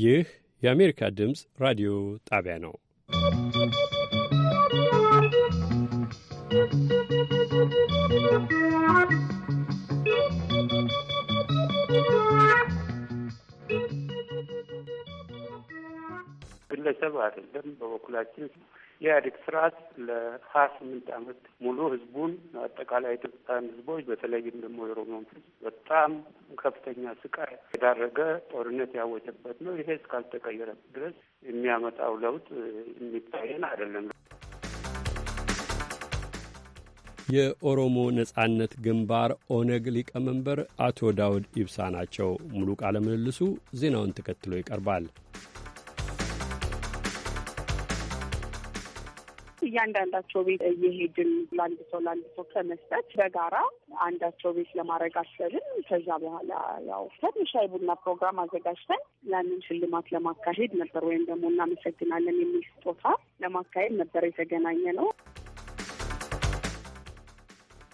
ይህ የአሜሪካ ድምፅ ራዲዮ ጣቢያ ነው። ግለሰብ አይደለም። በበኩላችን የኢህአዴግ ስርዓት ለሀያ ስምንት አመት ሙሉ ህዝቡን አጠቃላይ የኢትዮጵያን ህዝቦች በተለይም ደግሞ የኦሮሞን ህዝብ በጣም ከፍተኛ ስቃይ የዳረገ ጦርነት ያወጀበት ነው። ይሄ እስካልተቀየረ ድረስ የሚያመጣው ለውጥ የሚታየን አይደለም። የኦሮሞ ነጻነት ግንባር ኦነግ ሊቀመንበር አቶ ዳውድ ኢብሳ ናቸው። ሙሉ ቃለ ምልልሱ ዜናውን ተከትሎ ይቀርባል። እያንዳንዳቸው ቤት እየሄድን ለአንድ ሰው ለአንድ ሰው ከመስጠት በጋራ አንዳቸው ቤት ለማድረግ አሰብን። ከዛ በኋላ ያው ትንሽ ቡና ፕሮግራም አዘጋጅተን ያንን ሽልማት ለማካሄድ ነበር ወይም ደግሞ እናመሰግናለን የሚል ስጦታ ለማካሄድ ነበር የተገናኘ ነው።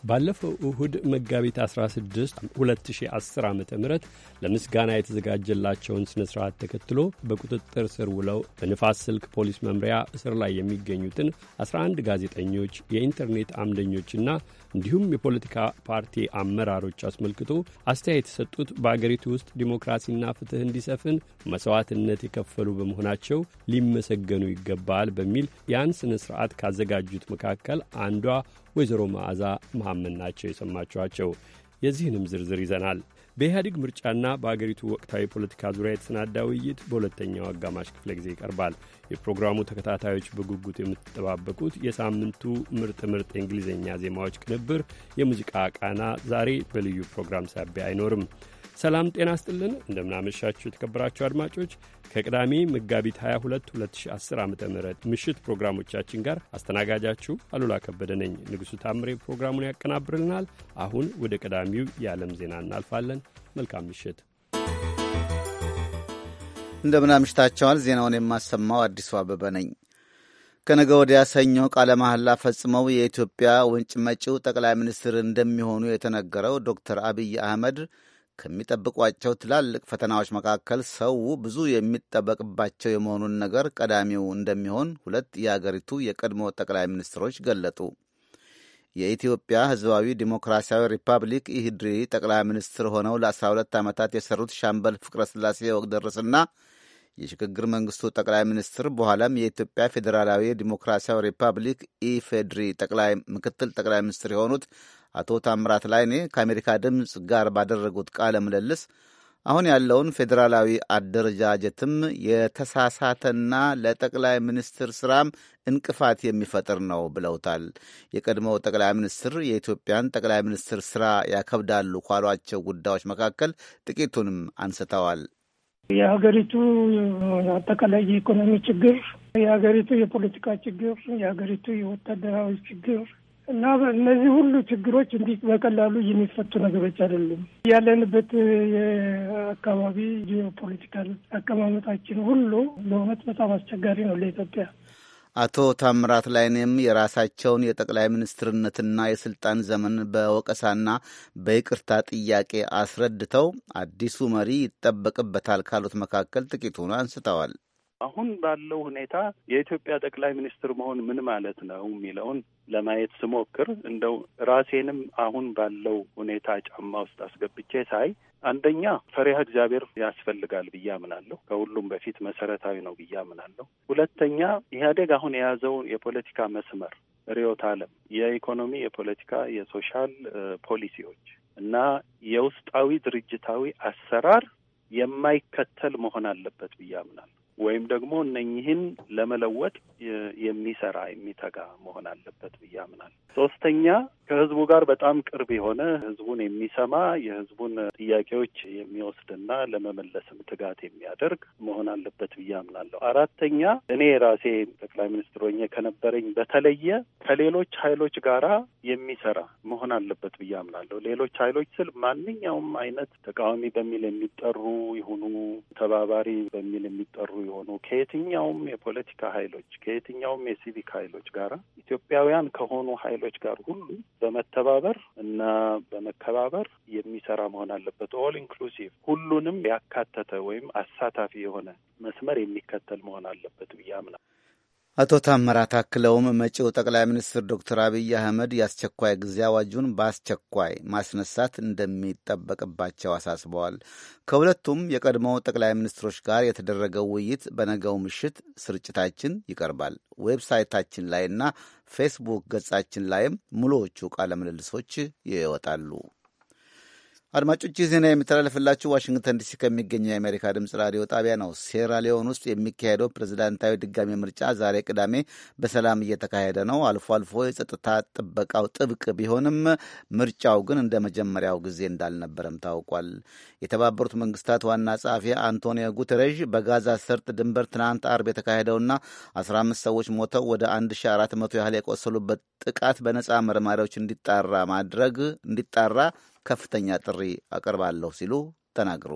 ባለፈው እሁድ መጋቢት 16 2010 ዓ ም ለምስጋና የተዘጋጀላቸውን ሥነ ሥርዓት ተከትሎ በቁጥጥር ስር ውለው በንፋስ ስልክ ፖሊስ መምሪያ እስር ላይ የሚገኙትን 11 ጋዜጠኞች፣ የኢንተርኔት አምደኞችና እንዲሁም የፖለቲካ ፓርቲ አመራሮች አስመልክቶ አስተያየት የሰጡት በአገሪቱ ውስጥ ዲሞክራሲና ፍትህ እንዲሰፍን መስዋዕትነት የከፈሉ በመሆናቸው ሊመሰገኑ ይገባል በሚል ያን ሥነ ሥርዓት ካዘጋጁት መካከል አንዷ ወይዘሮ መዓዛ መሐመድ ናቸው የሰማችኋቸው። የዚህንም ዝርዝር ይዘናል። በኢህአዴግ ምርጫና በአገሪቱ ወቅታዊ ፖለቲካ ዙሪያ የተሰናዳ ውይይት በሁለተኛው አጋማሽ ክፍለ ጊዜ ይቀርባል። የፕሮግራሙ ተከታታዮች በጉጉት የምትጠባበቁት የሳምንቱ ምርጥ ምርጥ የእንግሊዝኛ ዜማዎች ቅንብር የሙዚቃ ቃና ዛሬ በልዩ ፕሮግራም ሳቢያ አይኖርም። ሰላም ጤና ስጥልን። እንደምናመሻችሁ የተከበራችሁ አድማጮች ከቅዳሜ መጋቢት 22 2010 ዓ ም ምሽት ፕሮግራሞቻችን ጋር አስተናጋጃችሁ አሉላ ከበደ ነኝ። ንጉሡ ታምሬ ፕሮግራሙን ያቀናብርልናል። አሁን ወደ ቀዳሚው የዓለም ዜና እናልፋለን። መልካም ምሽት እንደምን አምሽታችኋል። ዜናውን የማሰማው አዲሱ አበበ ነኝ። ከነገ ወዲያ ሰኞ ቃለ መሐላ ፈጽመው የኢትዮጵያ ውንጭ መጪው ጠቅላይ ሚኒስትር እንደሚሆኑ የተነገረው ዶክተር አብይ አህመድ ከሚጠብቋቸው ትላልቅ ፈተናዎች መካከል ሰው ብዙ የሚጠበቅባቸው የመሆኑን ነገር ቀዳሚው እንደሚሆን ሁለት የአገሪቱ የቀድሞ ጠቅላይ ሚኒስትሮች ገለጡ። የኢትዮጵያ ሕዝባዊ ዲሞክራሲያዊ ሪፐብሊክ ኢህድሪ ጠቅላይ ሚኒስትር ሆነው ለ12 ዓመታት የሰሩት ሻምበል ፍቅረ ሥላሴ ወግደረስና የሽግግር መንግስቱ ጠቅላይ ሚኒስትር በኋላም የኢትዮጵያ ፌዴራላዊ ዲሞክራሲያዊ ሪፐብሊክ ኢፌድሪ ጠቅላይ ምክትል ጠቅላይ ሚኒስትር የሆኑት አቶ ታምራት ላይኔ ከአሜሪካ ድምፅ ጋር ባደረጉት ቃለ ምልልስ አሁን ያለውን ፌዴራላዊ አደረጃጀትም የተሳሳተና ለጠቅላይ ሚኒስትር ስራም እንቅፋት የሚፈጥር ነው ብለውታል። የቀድሞው ጠቅላይ ሚኒስትር የኢትዮጵያን ጠቅላይ ሚኒስትር ስራ ያከብዳሉ ካሏቸው ጉዳዮች መካከል ጥቂቱንም አንስተዋል። የሀገሪቱ አጠቃላይ የኢኮኖሚ ችግር፣ የሀገሪቱ የፖለቲካ ችግር፣ የሀገሪቱ የወታደራዊ ችግር እና እነዚህ ሁሉ ችግሮች እንዲህ በቀላሉ የሚፈቱ ነገሮች አይደሉም። ያለንበት የአካባቢ ጂኦፖለቲካል አቀማመጣችን ሁሉ በእውነት በጣም አስቸጋሪ ነው ለኢትዮጵያ። አቶ ታምራት ላይኔም የራሳቸውን የጠቅላይ ሚኒስትርነትና የስልጣን ዘመን በወቀሳና በይቅርታ ጥያቄ አስረድተው አዲሱ መሪ ይጠበቅበታል ካሉት መካከል ጥቂቱን አንስተዋል። አሁን ባለው ሁኔታ የኢትዮጵያ ጠቅላይ ሚኒስትር መሆን ምን ማለት ነው የሚለውን ለማየት ስሞክር እንደው ራሴንም አሁን ባለው ሁኔታ ጫማ ውስጥ አስገብቼ ሳይ አንደኛ ፈሪሃ እግዚአብሔር ያስፈልጋል ብዬ አምናለሁ። ከሁሉም በፊት መሰረታዊ ነው ብዬ አምናለሁ። ሁለተኛ ኢህአዴግ አሁን የያዘውን የፖለቲካ መስመር ርዕዮተ ዓለም፣ የኢኮኖሚ፣ የፖለቲካ፣ የሶሻል ፖሊሲዎች እና የውስጣዊ ድርጅታዊ አሰራር የማይከተል መሆን አለበት ብዬ አምናለሁ። ወይም ደግሞ እነኝህን ለመለወጥ የሚሰራ የሚተጋ መሆን አለበት ብዬ አምናለሁ። ሶስተኛ ከህዝቡ ጋር በጣም ቅርብ የሆነ ህዝቡን የሚሰማ የህዝቡን ጥያቄዎች የሚወስድና ለመመለስም ትጋት የሚያደርግ መሆን አለበት ብዬ አምናለሁ። አራተኛ እኔ ራሴ ጠቅላይ ሚኒስትር ሆኜ ከነበረኝ በተለየ ከሌሎች ኃይሎች ጋራ የሚሰራ መሆን አለበት ብዬ አምናለሁ። ሌሎች ኃይሎች ስል ማንኛውም አይነት ተቃዋሚ በሚል የሚጠሩ ይሁኑ ተባባሪ በሚል የሚጠሩ የሆኑ ከየትኛውም የፖለቲካ ኃይሎች ከየትኛውም የሲቪክ ኃይሎች ጋር ኢትዮጵያውያን ከሆኑ ኃይሎች ጋር ሁሉ በመተባበር እና በመከባበር የሚሰራ መሆን አለበት። ኦል ኢንክሉሲቭ ሁሉንም ያካተተ ወይም አሳታፊ የሆነ መስመር የሚከተል መሆን አለበት ብዬ አምናለሁ። አቶ ታምራት አክለውም መጪው ጠቅላይ ሚኒስትር ዶክተር አብይ አህመድ የአስቸኳይ ጊዜ አዋጁን በአስቸኳይ ማስነሳት እንደሚጠበቅባቸው አሳስበዋል። ከሁለቱም የቀድሞው ጠቅላይ ሚኒስትሮች ጋር የተደረገው ውይይት በነገው ምሽት ስርጭታችን ይቀርባል። ዌብሳይታችን ላይና ፌስቡክ ገጻችን ላይም ሙሉዎቹ ቃለ ምልልሶች ይወጣሉ። አድማጮች ይህ ዜና የሚተላለፍላችሁ ዋሽንግተን ዲሲ ከሚገኘው የአሜሪካ ድምፅ ራዲዮ ጣቢያ ነው። ሴራ ሊዮን ውስጥ የሚካሄደው ፕሬዚዳንታዊ ድጋሚ ምርጫ ዛሬ ቅዳሜ በሰላም እየተካሄደ ነው። አልፎ አልፎ የጸጥታ ጥበቃው ጥብቅ ቢሆንም ምርጫው ግን እንደ መጀመሪያው ጊዜ እንዳልነበረም ታውቋል። የተባበሩት መንግስታት ዋና ጸሐፊ አንቶኒዮ ጉተረዥ በጋዛ ሰርጥ ድንበር ትናንት አርብ የተካሄደውና 15 ሰዎች ሞተው ወደ 1400 ያህል የቆሰሉበት ጥቃት በነፃ መርማሪዎች እንዲጣራ ማድረግ እንዲጣራ ከፍተኛ ጥሪ አቀርባለሁ ሲሉ ተናግሩ።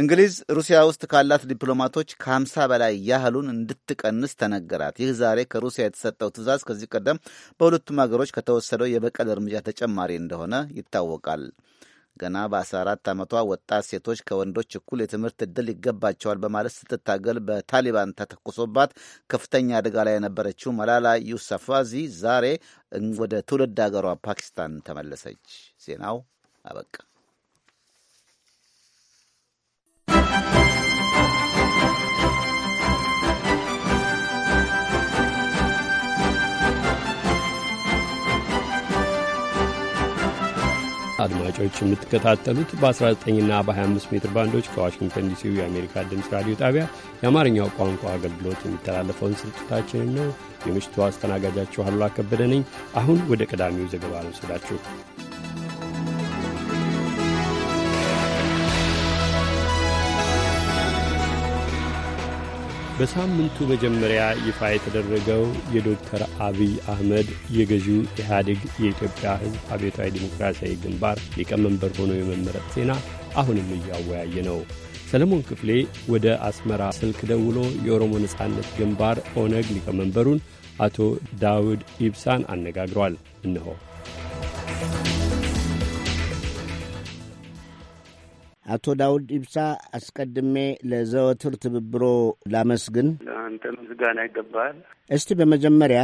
እንግሊዝ ሩሲያ ውስጥ ካላት ዲፕሎማቶች ከ50 በላይ ያህሉን እንድትቀንስ ተነገራት። ይህ ዛሬ ከሩሲያ የተሰጠው ትዕዛዝ ከዚህ ቀደም በሁለቱም ሀገሮች ከተወሰደው የበቀል እርምጃ ተጨማሪ እንደሆነ ይታወቃል። ገና በ14 ዓመቷ ወጣት ሴቶች ከወንዶች እኩል የትምህርት ዕድል ይገባቸዋል በማለት ስትታገል በታሊባን ተተኩሶባት ከፍተኛ አደጋ ላይ የነበረችው መላላ ዩሳፋዚ ዛሬ ወደ ትውልድ አገሯ ፓኪስታን ተመለሰች። ዜናው አበቃ። አድማጮች የምትከታተሉት በ19ና በ25 ሜትር ባንዶች ከዋሽንግተን ዲሲው የአሜሪካ ድምፅ ራዲዮ ጣቢያ የአማርኛው ቋንቋ አገልግሎት የሚተላለፈውን ስርጭታችንን ነው። የምሽቱ አስተናጋጃችሁ አሉላ ከበደ ነኝ። አሁን ወደ ቀዳሚው ዘገባ ነው በሳምንቱ መጀመሪያ ይፋ የተደረገው የዶክተር አብይ አህመድ የገዢው ኢህአዴግ የኢትዮጵያ ሕዝብ አብዮታዊ ዲሞክራሲያዊ ግንባር ሊቀመንበር ሆኖ የመመረጥ ዜና አሁንም እያወያየ ነው። ሰለሞን ክፍሌ ወደ አስመራ ስልክ ደውሎ የኦሮሞ ነጻነት ግንባር ኦነግ ሊቀመንበሩን አቶ ዳውድ ኢብሳን አነጋግሯል። እንሆ። አቶ ዳውድ ኢብሳ አስቀድሜ ለዘወትር ትብብሮ ላመስግን። አንተ ምስጋና ይገባል። እስቲ በመጀመሪያ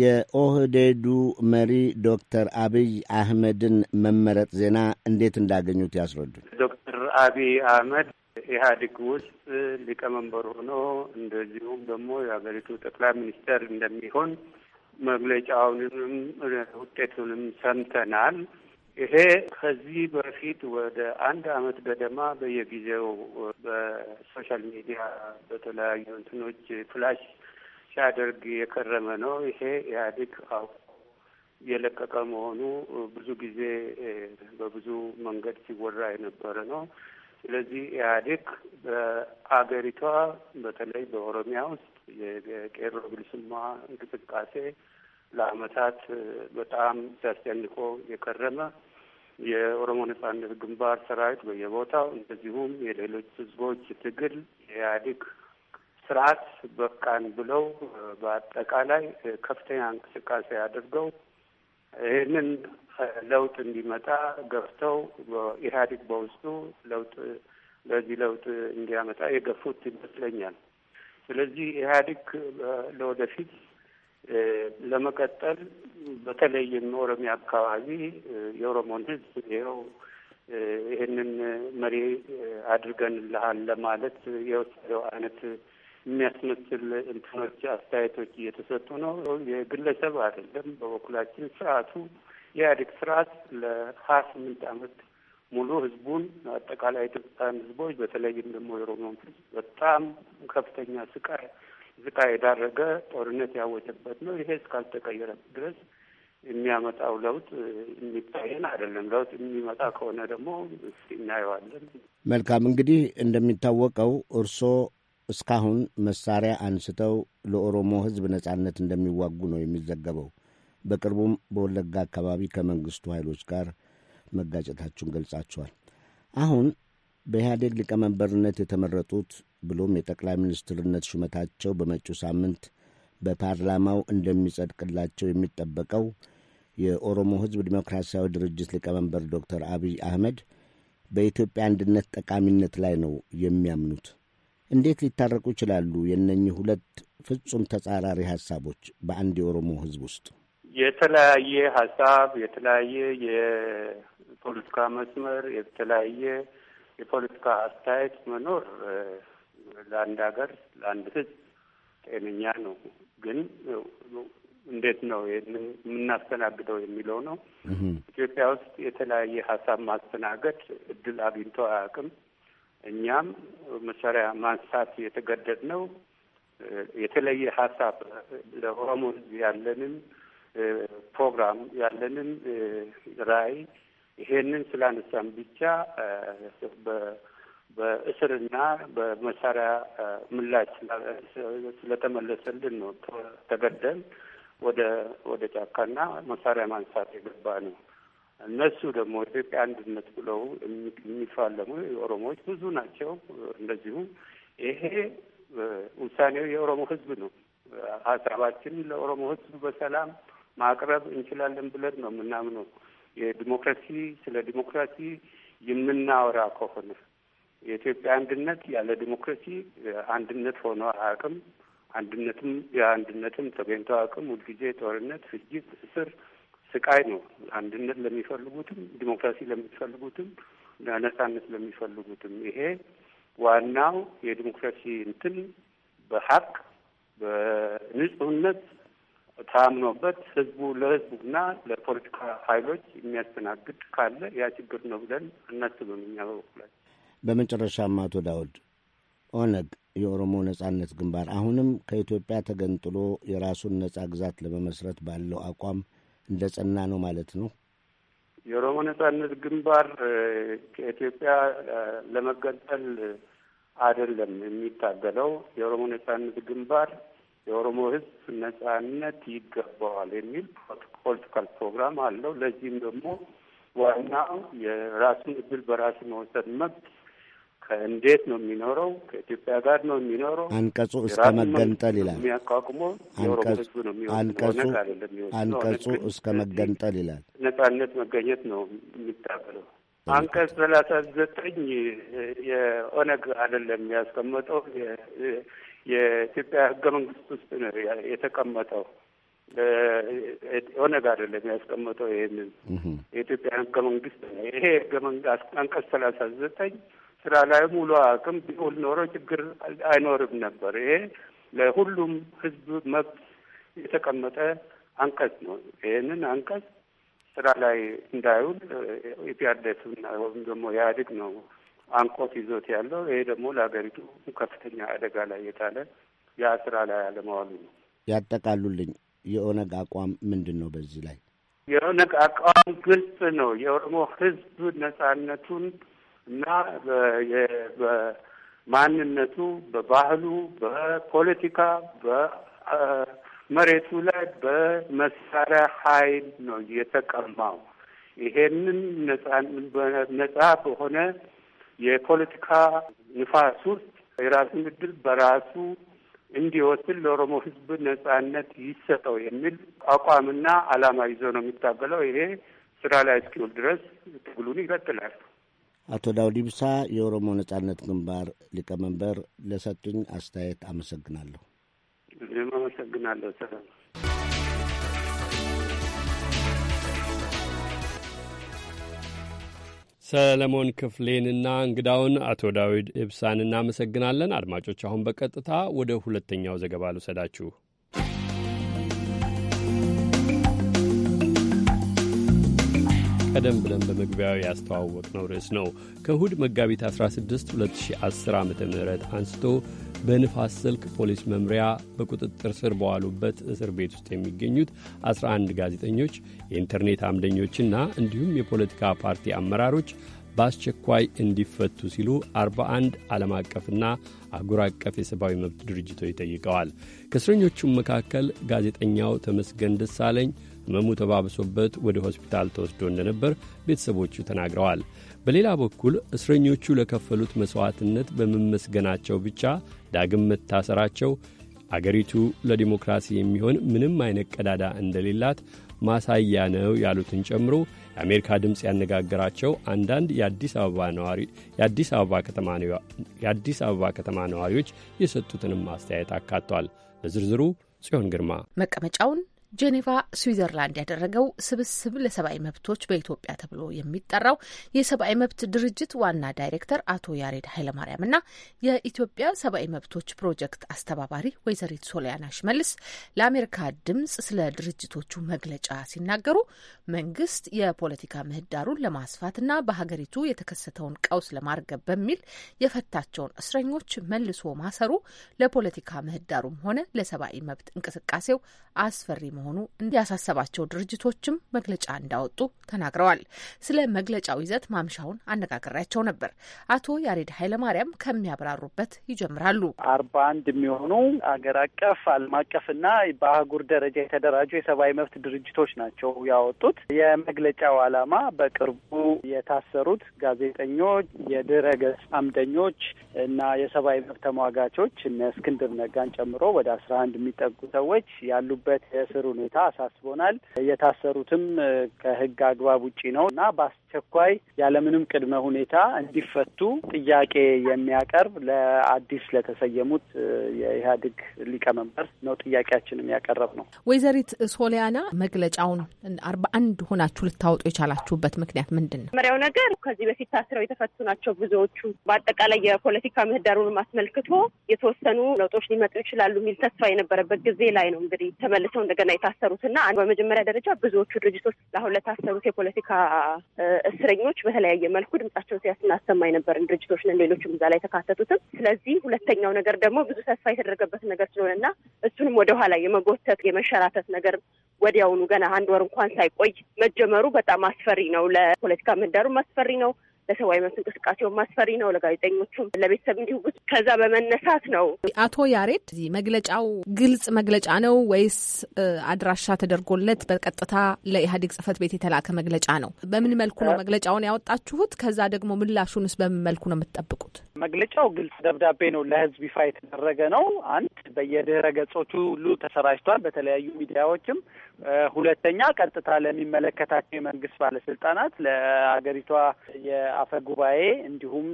የኦህዴዱ መሪ ዶክተር አብይ አህመድን መመረጥ ዜና እንዴት እንዳገኙት ያስረዱ። ዶክተር አብይ አህመድ ኢህአዴግ ውስጥ ሊቀመንበር ሆኖ እንደዚሁም ደግሞ የሀገሪቱ ጠቅላይ ሚኒስትር እንደሚሆን መግለጫውንም ውጤቱንም ሰምተናል። ይሄ ከዚህ በፊት ወደ አንድ አመት ገደማ በየጊዜው በሶሻል ሚዲያ በተለያዩ እንትኖች ፍላሽ ሲያደርግ የከረመ ነው። ይሄ ኢህአዴግ አውቆ የለቀቀ መሆኑ ብዙ ጊዜ በብዙ መንገድ ሲወራ የነበረ ነው። ስለዚህ ኢህአዴግ በአገሪቷ በተለይ በኦሮሚያ ውስጥ የቄሮ ብልስማ እንቅስቃሴ ለአመታት በጣም ሲያስጨንቆ የከረመ የኦሮሞ ነጻነት ግንባር ሰራዊት በየቦታው እንደዚሁም የሌሎች ህዝቦች ትግል የኢህአዴግ ስርዓት በቃን ብለው በአጠቃላይ ከፍተኛ እንቅስቃሴ አድርገው ይህንን ለውጥ እንዲመጣ ገፍተው ኢህአዴግ በውስጡ ለውጥ በዚህ ለውጥ እንዲያመጣ የገፉት ይመስለኛል። ስለዚህ ኢህአዴግ ለወደፊት ለመቀጠል በተለይም ኦሮሚያ አካባቢ የኦሮሞን ህዝብ ይኸው ይህንን መሪ አድርገንልሃል ለማለት የወሰደው አይነት የሚያስመስል እንትኖች አስተያየቶች እየተሰጡ ነው። የግለሰብ አይደለም። በበኩላችን ስርዓቱ የኢህአዴግ ስርዓት ለሀያ ስምንት አመት ሙሉ ህዝቡን አጠቃላይ ኢትዮጵያን ህዝቦች በተለይም ደግሞ የኦሮሞን ህዝብ በጣም ከፍተኛ ስቃይ ዝቃ የዳረገ ጦርነት ያወጀበት ነው። ይሄ እስካልተቀየረ ድረስ የሚያመጣው ለውጥ የሚታየን አይደለም። ለውጥ የሚመጣ ከሆነ ደግሞ እናየዋለን። መልካም እንግዲህ እንደሚታወቀው እርስዎ እስካሁን መሳሪያ አንስተው ለኦሮሞ ሕዝብ ነጻነት እንደሚዋጉ ነው የሚዘገበው። በቅርቡም በወለጋ አካባቢ ከመንግስቱ ኃይሎች ጋር መጋጨታችሁን ገልጻችኋል። አሁን በኢህአዴግ ሊቀመንበርነት የተመረጡት ብሎም የጠቅላይ ሚኒስትርነት ሹመታቸው በመጪው ሳምንት በፓርላማው እንደሚጸድቅላቸው የሚጠበቀው የኦሮሞ ሕዝብ ዲሞክራሲያዊ ድርጅት ሊቀመንበር ዶክተር አብይ አህመድ በኢትዮጵያ አንድነት ጠቃሚነት ላይ ነው የሚያምኑት። እንዴት ሊታረቁ ይችላሉ? የእነኚህ ሁለት ፍጹም ተጻራሪ ሀሳቦች በአንድ የኦሮሞ ሕዝብ ውስጥ የተለያየ ሀሳብ፣ የተለያየ የፖለቲካ መስመር፣ የተለያየ የፖለቲካ አስተያየት መኖር ለአንድ ሀገር ለአንድ ህዝብ ጤነኛ ነው። ግን እንዴት ነው ይህንን የምናስተናግደው የሚለው ነው። ኢትዮጵያ ውስጥ የተለያየ ሀሳብ ማስተናገድ እድል አግኝቶ አያውቅም። እኛም መሳሪያ ማንሳት የተገደድ ነው። የተለየ ሀሳብ ለኦሮሞ ህዝብ ያለንን ፕሮግራም ያለንን ራዕይ ይሄንን ስላነሳን ብቻ በእስርና በመሳሪያ ምላሽ ስለተመለሰልን ነው ተገደን ወደ ወደ ጫካና መሳሪያ ማንሳት የገባ ነው። እነሱ ደግሞ ኢትዮጵያ አንድነት ብለው የሚፋለሙ የኦሮሞዎች ብዙ ናቸው። እንደዚሁ ይሄ ውሳኔው የኦሮሞ ሕዝብ ነው። ሀሳባችን ለኦሮሞ ሕዝብ በሰላም ማቅረብ እንችላለን ብለን ነው የምናምነው። የዲሞክራሲ ስለ ዲሞክራሲ የምናወራ ከሆነ የኢትዮጵያ አንድነት ያለ ዲሞክራሲ አንድነት ሆኖ አያውቅም። አንድነትም የአንድነትም ተገኝቶ አያውቅም። ሁልጊዜ ጦርነት፣ ፍጅት፣ እስር፣ ስቃይ ነው። አንድነት ለሚፈልጉትም ዲሞክራሲ ለሚፈልጉትም ነጻነት ለሚፈልጉትም ይሄ ዋናው የዲሞክራሲ እንትን በሀቅ በንጹህነት ታምኖበት ህዝቡ ለህዝቡና ለፖለቲካ ሀይሎች የሚያስተናግድ ካለ ያ ችግር ነው ብለን እናስብም እኛ በበኩላችን። በመጨረሻም አቶ ዳውድ ኦነግ የኦሮሞ ነጻነት ግንባር አሁንም ከኢትዮጵያ ተገንጥሎ የራሱን ነጻ ግዛት ለመመስረት ባለው አቋም እንደ ጸና ነው ማለት ነው። የኦሮሞ ነጻነት ግንባር ከኢትዮጵያ ለመገንጠል አይደለም የሚታገለው። የኦሮሞ ነጻነት ግንባር የኦሮሞ ሕዝብ ነጻነት ይገባዋል የሚል ፖለቲካል ፕሮግራም አለው። ለዚህም ደግሞ ዋናው የራሱን እድል በራሱ መውሰድ መብት ከእንዴት ነው የሚኖረው? ከኢትዮጵያ ጋር ነው የሚኖረው። አንቀጹ እስከ መገንጠል ይላል። የሚያቋቁሞ የኦሮሞ ህዝብ ነው የሚሆነው። አንቀጹ እስከ መገንጠል ይላል። ነጻነት መገኘት ነው የሚታበለው። አንቀጽ ሰላሳ ዘጠኝ የኦነግ አይደለም ያስቀመጠው የኢትዮጵያ ህገ መንግስት ውስጥ ነው የተቀመጠው። ኦነግ አይደለም ያስቀመጠው ይህንን የኢትዮጵያ ህገ መንግስት ነው። ይሄ ህገ መንግስት አንቀጽ ሰላሳ ዘጠኝ ስራ ላይ ሙሉ አቅም ቢውል ኖሮ ችግር አይኖርም ነበር። ይሄ ለሁሉም ህዝብ መብት የተቀመጠ አንቀጽ ነው። ይህንን አንቀጽ ስራ ላይ እንዳይውል ኢፒአርዴፍ ወይም ደግሞ ኢህአዴግ ነው አንቆት ይዞት ያለው። ይሄ ደግሞ ለሀገሪቱ ከፍተኛ አደጋ ላይ የጣለ ያ ስራ ላይ አለመዋሉ ነው። ያጠቃሉልኝ የኦነግ አቋም ምንድን ነው? በዚህ ላይ የኦነግ አቋም ግልጽ ነው። የኦሮሞ ህዝብ ነጻነቱን እና በማንነቱ፣ በባህሉ፣ በፖለቲካ፣ በመሬቱ ላይ በመሳሪያ ኃይል ነው የተቀማው። ይሄንን ነጻ በሆነ የፖለቲካ ንፋስ ውስጥ የራሱን እድል በራሱ እንዲወስን ለኦሮሞ ሕዝብ ነጻነት ይሰጠው የሚል አቋምና ዓላማ ይዞ ነው የሚታገለው። ይሄ ስራ ላይ እስኪውል ድረስ ትግሉን ይቀጥላል። አቶ ዳውድ ኢብሳ የኦሮሞ ነጻነት ግንባር ሊቀመንበር ለሰጡኝ አስተያየት አመሰግናለሁ። እኔም አመሰግናለሁ። ሰለሞን ክፍሌንና እንግዳውን አቶ ዳዊድ ኢብሳን እናመሰግናለን። አድማጮች፣ አሁን በቀጥታ ወደ ሁለተኛው ዘገባ ልውሰዳችሁ። ቀደም ብለን በመግቢያው ያስተዋወቅነው ርዕስ ነው። ከእሁድ መጋቢት 16 2010 ዓ ም አንስቶ በንፋስ ስልክ ፖሊስ መምሪያ በቁጥጥር ስር በዋሉበት እስር ቤት ውስጥ የሚገኙት 11 ጋዜጠኞች፣ የኢንተርኔት አምደኞችና እንዲሁም የፖለቲካ ፓርቲ አመራሮች በአስቸኳይ እንዲፈቱ ሲሉ 41 ዓለም አቀፍና አህጉር አቀፍ የሰብአዊ መብት ድርጅቶች ጠይቀዋል። ከእስረኞቹም መካከል ጋዜጠኛው ተመስገን ደሳለኝ ህመሙ ተባብሶበት ወደ ሆስፒታል ተወስዶ እንደነበር ቤተሰቦቹ ተናግረዋል። በሌላ በኩል እስረኞቹ ለከፈሉት መሥዋዕትነት በመመስገናቸው ብቻ ዳግም መታሰራቸው አገሪቱ ለዲሞክራሲ የሚሆን ምንም አይነት ቀዳዳ እንደሌላት ማሳያ ነው ያሉትን ጨምሮ የአሜሪካ ድምፅ ያነጋገራቸው አንዳንድ የአዲስ አበባ ከተማ ነዋሪዎች የሰጡትንም አስተያየት አካቷል። ለዝርዝሩ ጽዮን ግርማ መቀመጫውን ጄኔቫ ስዊዘርላንድ ያደረገው ስብስብ ለሰብአዊ መብቶች በኢትዮጵያ ተብሎ የሚጠራው የሰብአዊ መብት ድርጅት ዋና ዳይሬክተር አቶ ያሬድ ኃይለማርያም እና የኢትዮጵያ ሰብአዊ መብቶች ፕሮጀክት አስተባባሪ ወይዘሪት ሶሊያና ሽመልስ ለአሜሪካ ድምጽ ስለ ድርጅቶቹ መግለጫ ሲናገሩ መንግስት የፖለቲካ ምህዳሩን ለማስፋትና በሀገሪቱ የተከሰተውን ቀውስ ለማርገብ በሚል የፈታቸውን እስረኞች መልሶ ማሰሩ ለፖለቲካ ምህዳሩም ሆነ ለሰብአዊ መብት እንቅስቃሴው አስፈሪ መሆኑ እንዲያሳሰባቸው ድርጅቶችም መግለጫ እንዳወጡ ተናግረዋል። ስለ መግለጫው ይዘት ማምሻውን አነጋግሬያቸው ነበር። አቶ ያሬድ ኃይለማርያም ከሚያብራሩበት ይጀምራሉ። አርባ አንድ የሚሆኑ አገር አቀፍ ዓለም አቀፍና በአህጉር ደረጃ የተደራጁ የሰብአዊ መብት ድርጅቶች ናቸው ያወጡት። የመግለጫው ዓላማ በቅርቡ የታሰሩት ጋዜጠኞች፣ የድረገጽ አምደኞች እና የሰብአዊ መብት ተሟጋቾች እነ እስክንድር ነጋን ጨምሮ ወደ አስራ አንድ የሚጠጉ ሰዎች ያሉበት የእስር ሁኔታ አሳስቦናል። የታሰሩትም ከህግ አግባብ ውጪ ነው እና በአስቸኳይ ያለምንም ቅድመ ሁኔታ እንዲፈቱ ጥያቄ የሚያቀርብ ለአዲስ ለተሰየሙት የኢህአዴግ ሊቀመንበር ነው ጥያቄያችን ያቀረብ ነው። ወይዘሪት ሶሊያና መግለጫውን አርባ አንድ ሆናችሁ ልታወጡ የቻላችሁበት ምክንያት ምንድን ነው? መሪያው ነገር ከዚህ በፊት ታስረው የተፈቱ ናቸው ብዙዎቹ። በአጠቃላይ የፖለቲካ ምህዳሩን አስመልክቶ የተወሰኑ ለውጦች ሊመጡ ይችላሉ የሚል ተስፋ የነበረበት ጊዜ ላይ ነው እንግዲህ ተመልሰው እንደገና የታሰሩት እና በመጀመሪያ ደረጃ ብዙዎቹ ድርጅቶች ለአሁን ለታሰሩት የፖለቲካ እስረኞች በተለያየ መልኩ ድምጻቸውን ሲያስናሰማ የነበርን ድርጅቶች ነን፣ ሌሎችም እዛ ላይ ተካተቱትም። ስለዚህ ሁለተኛው ነገር ደግሞ ብዙ ተስፋ የተደረገበት ነገር ስለሆነ እና እሱንም ወደኋላ የመጎተት የመሸራተት ነገር ወዲያውኑ ገና አንድ ወር እንኳን ሳይቆይ መጀመሩ በጣም አስፈሪ ነው። ለፖለቲካ ምህዳሩም አስፈሪ ነው። ለሰብአዊ መብት እንቅስቃሴው ማስፈሪ ነው፣ ለጋዜጠኞቹም፣ ለቤተሰብ እንዲሁ። ከዛ በመነሳት ነው አቶ ያሬድ መግለጫው ግልጽ መግለጫ ነው ወይስ አድራሻ ተደርጎለት በቀጥታ ለኢህአዴግ ጽህፈት ቤት የተላከ መግለጫ ነው? በምን መልኩ ነው መግለጫውን ያወጣችሁት? ከዛ ደግሞ ምላሹንስ በምን መልኩ ነው የምትጠብቁት? መግለጫው ግልጽ ደብዳቤ ነው፣ ለህዝብ ይፋ የተደረገ ነው። አንድ በየድህረ ገጾቹ ሁሉ ተሰራጭቷል፣ በተለያዩ ሚዲያዎችም። ሁለተኛ ቀጥታ ለሚመለከታቸው የመንግስት ባለስልጣናት፣ ለሀገሪቷ የአፈ ጉባኤ እንዲሁም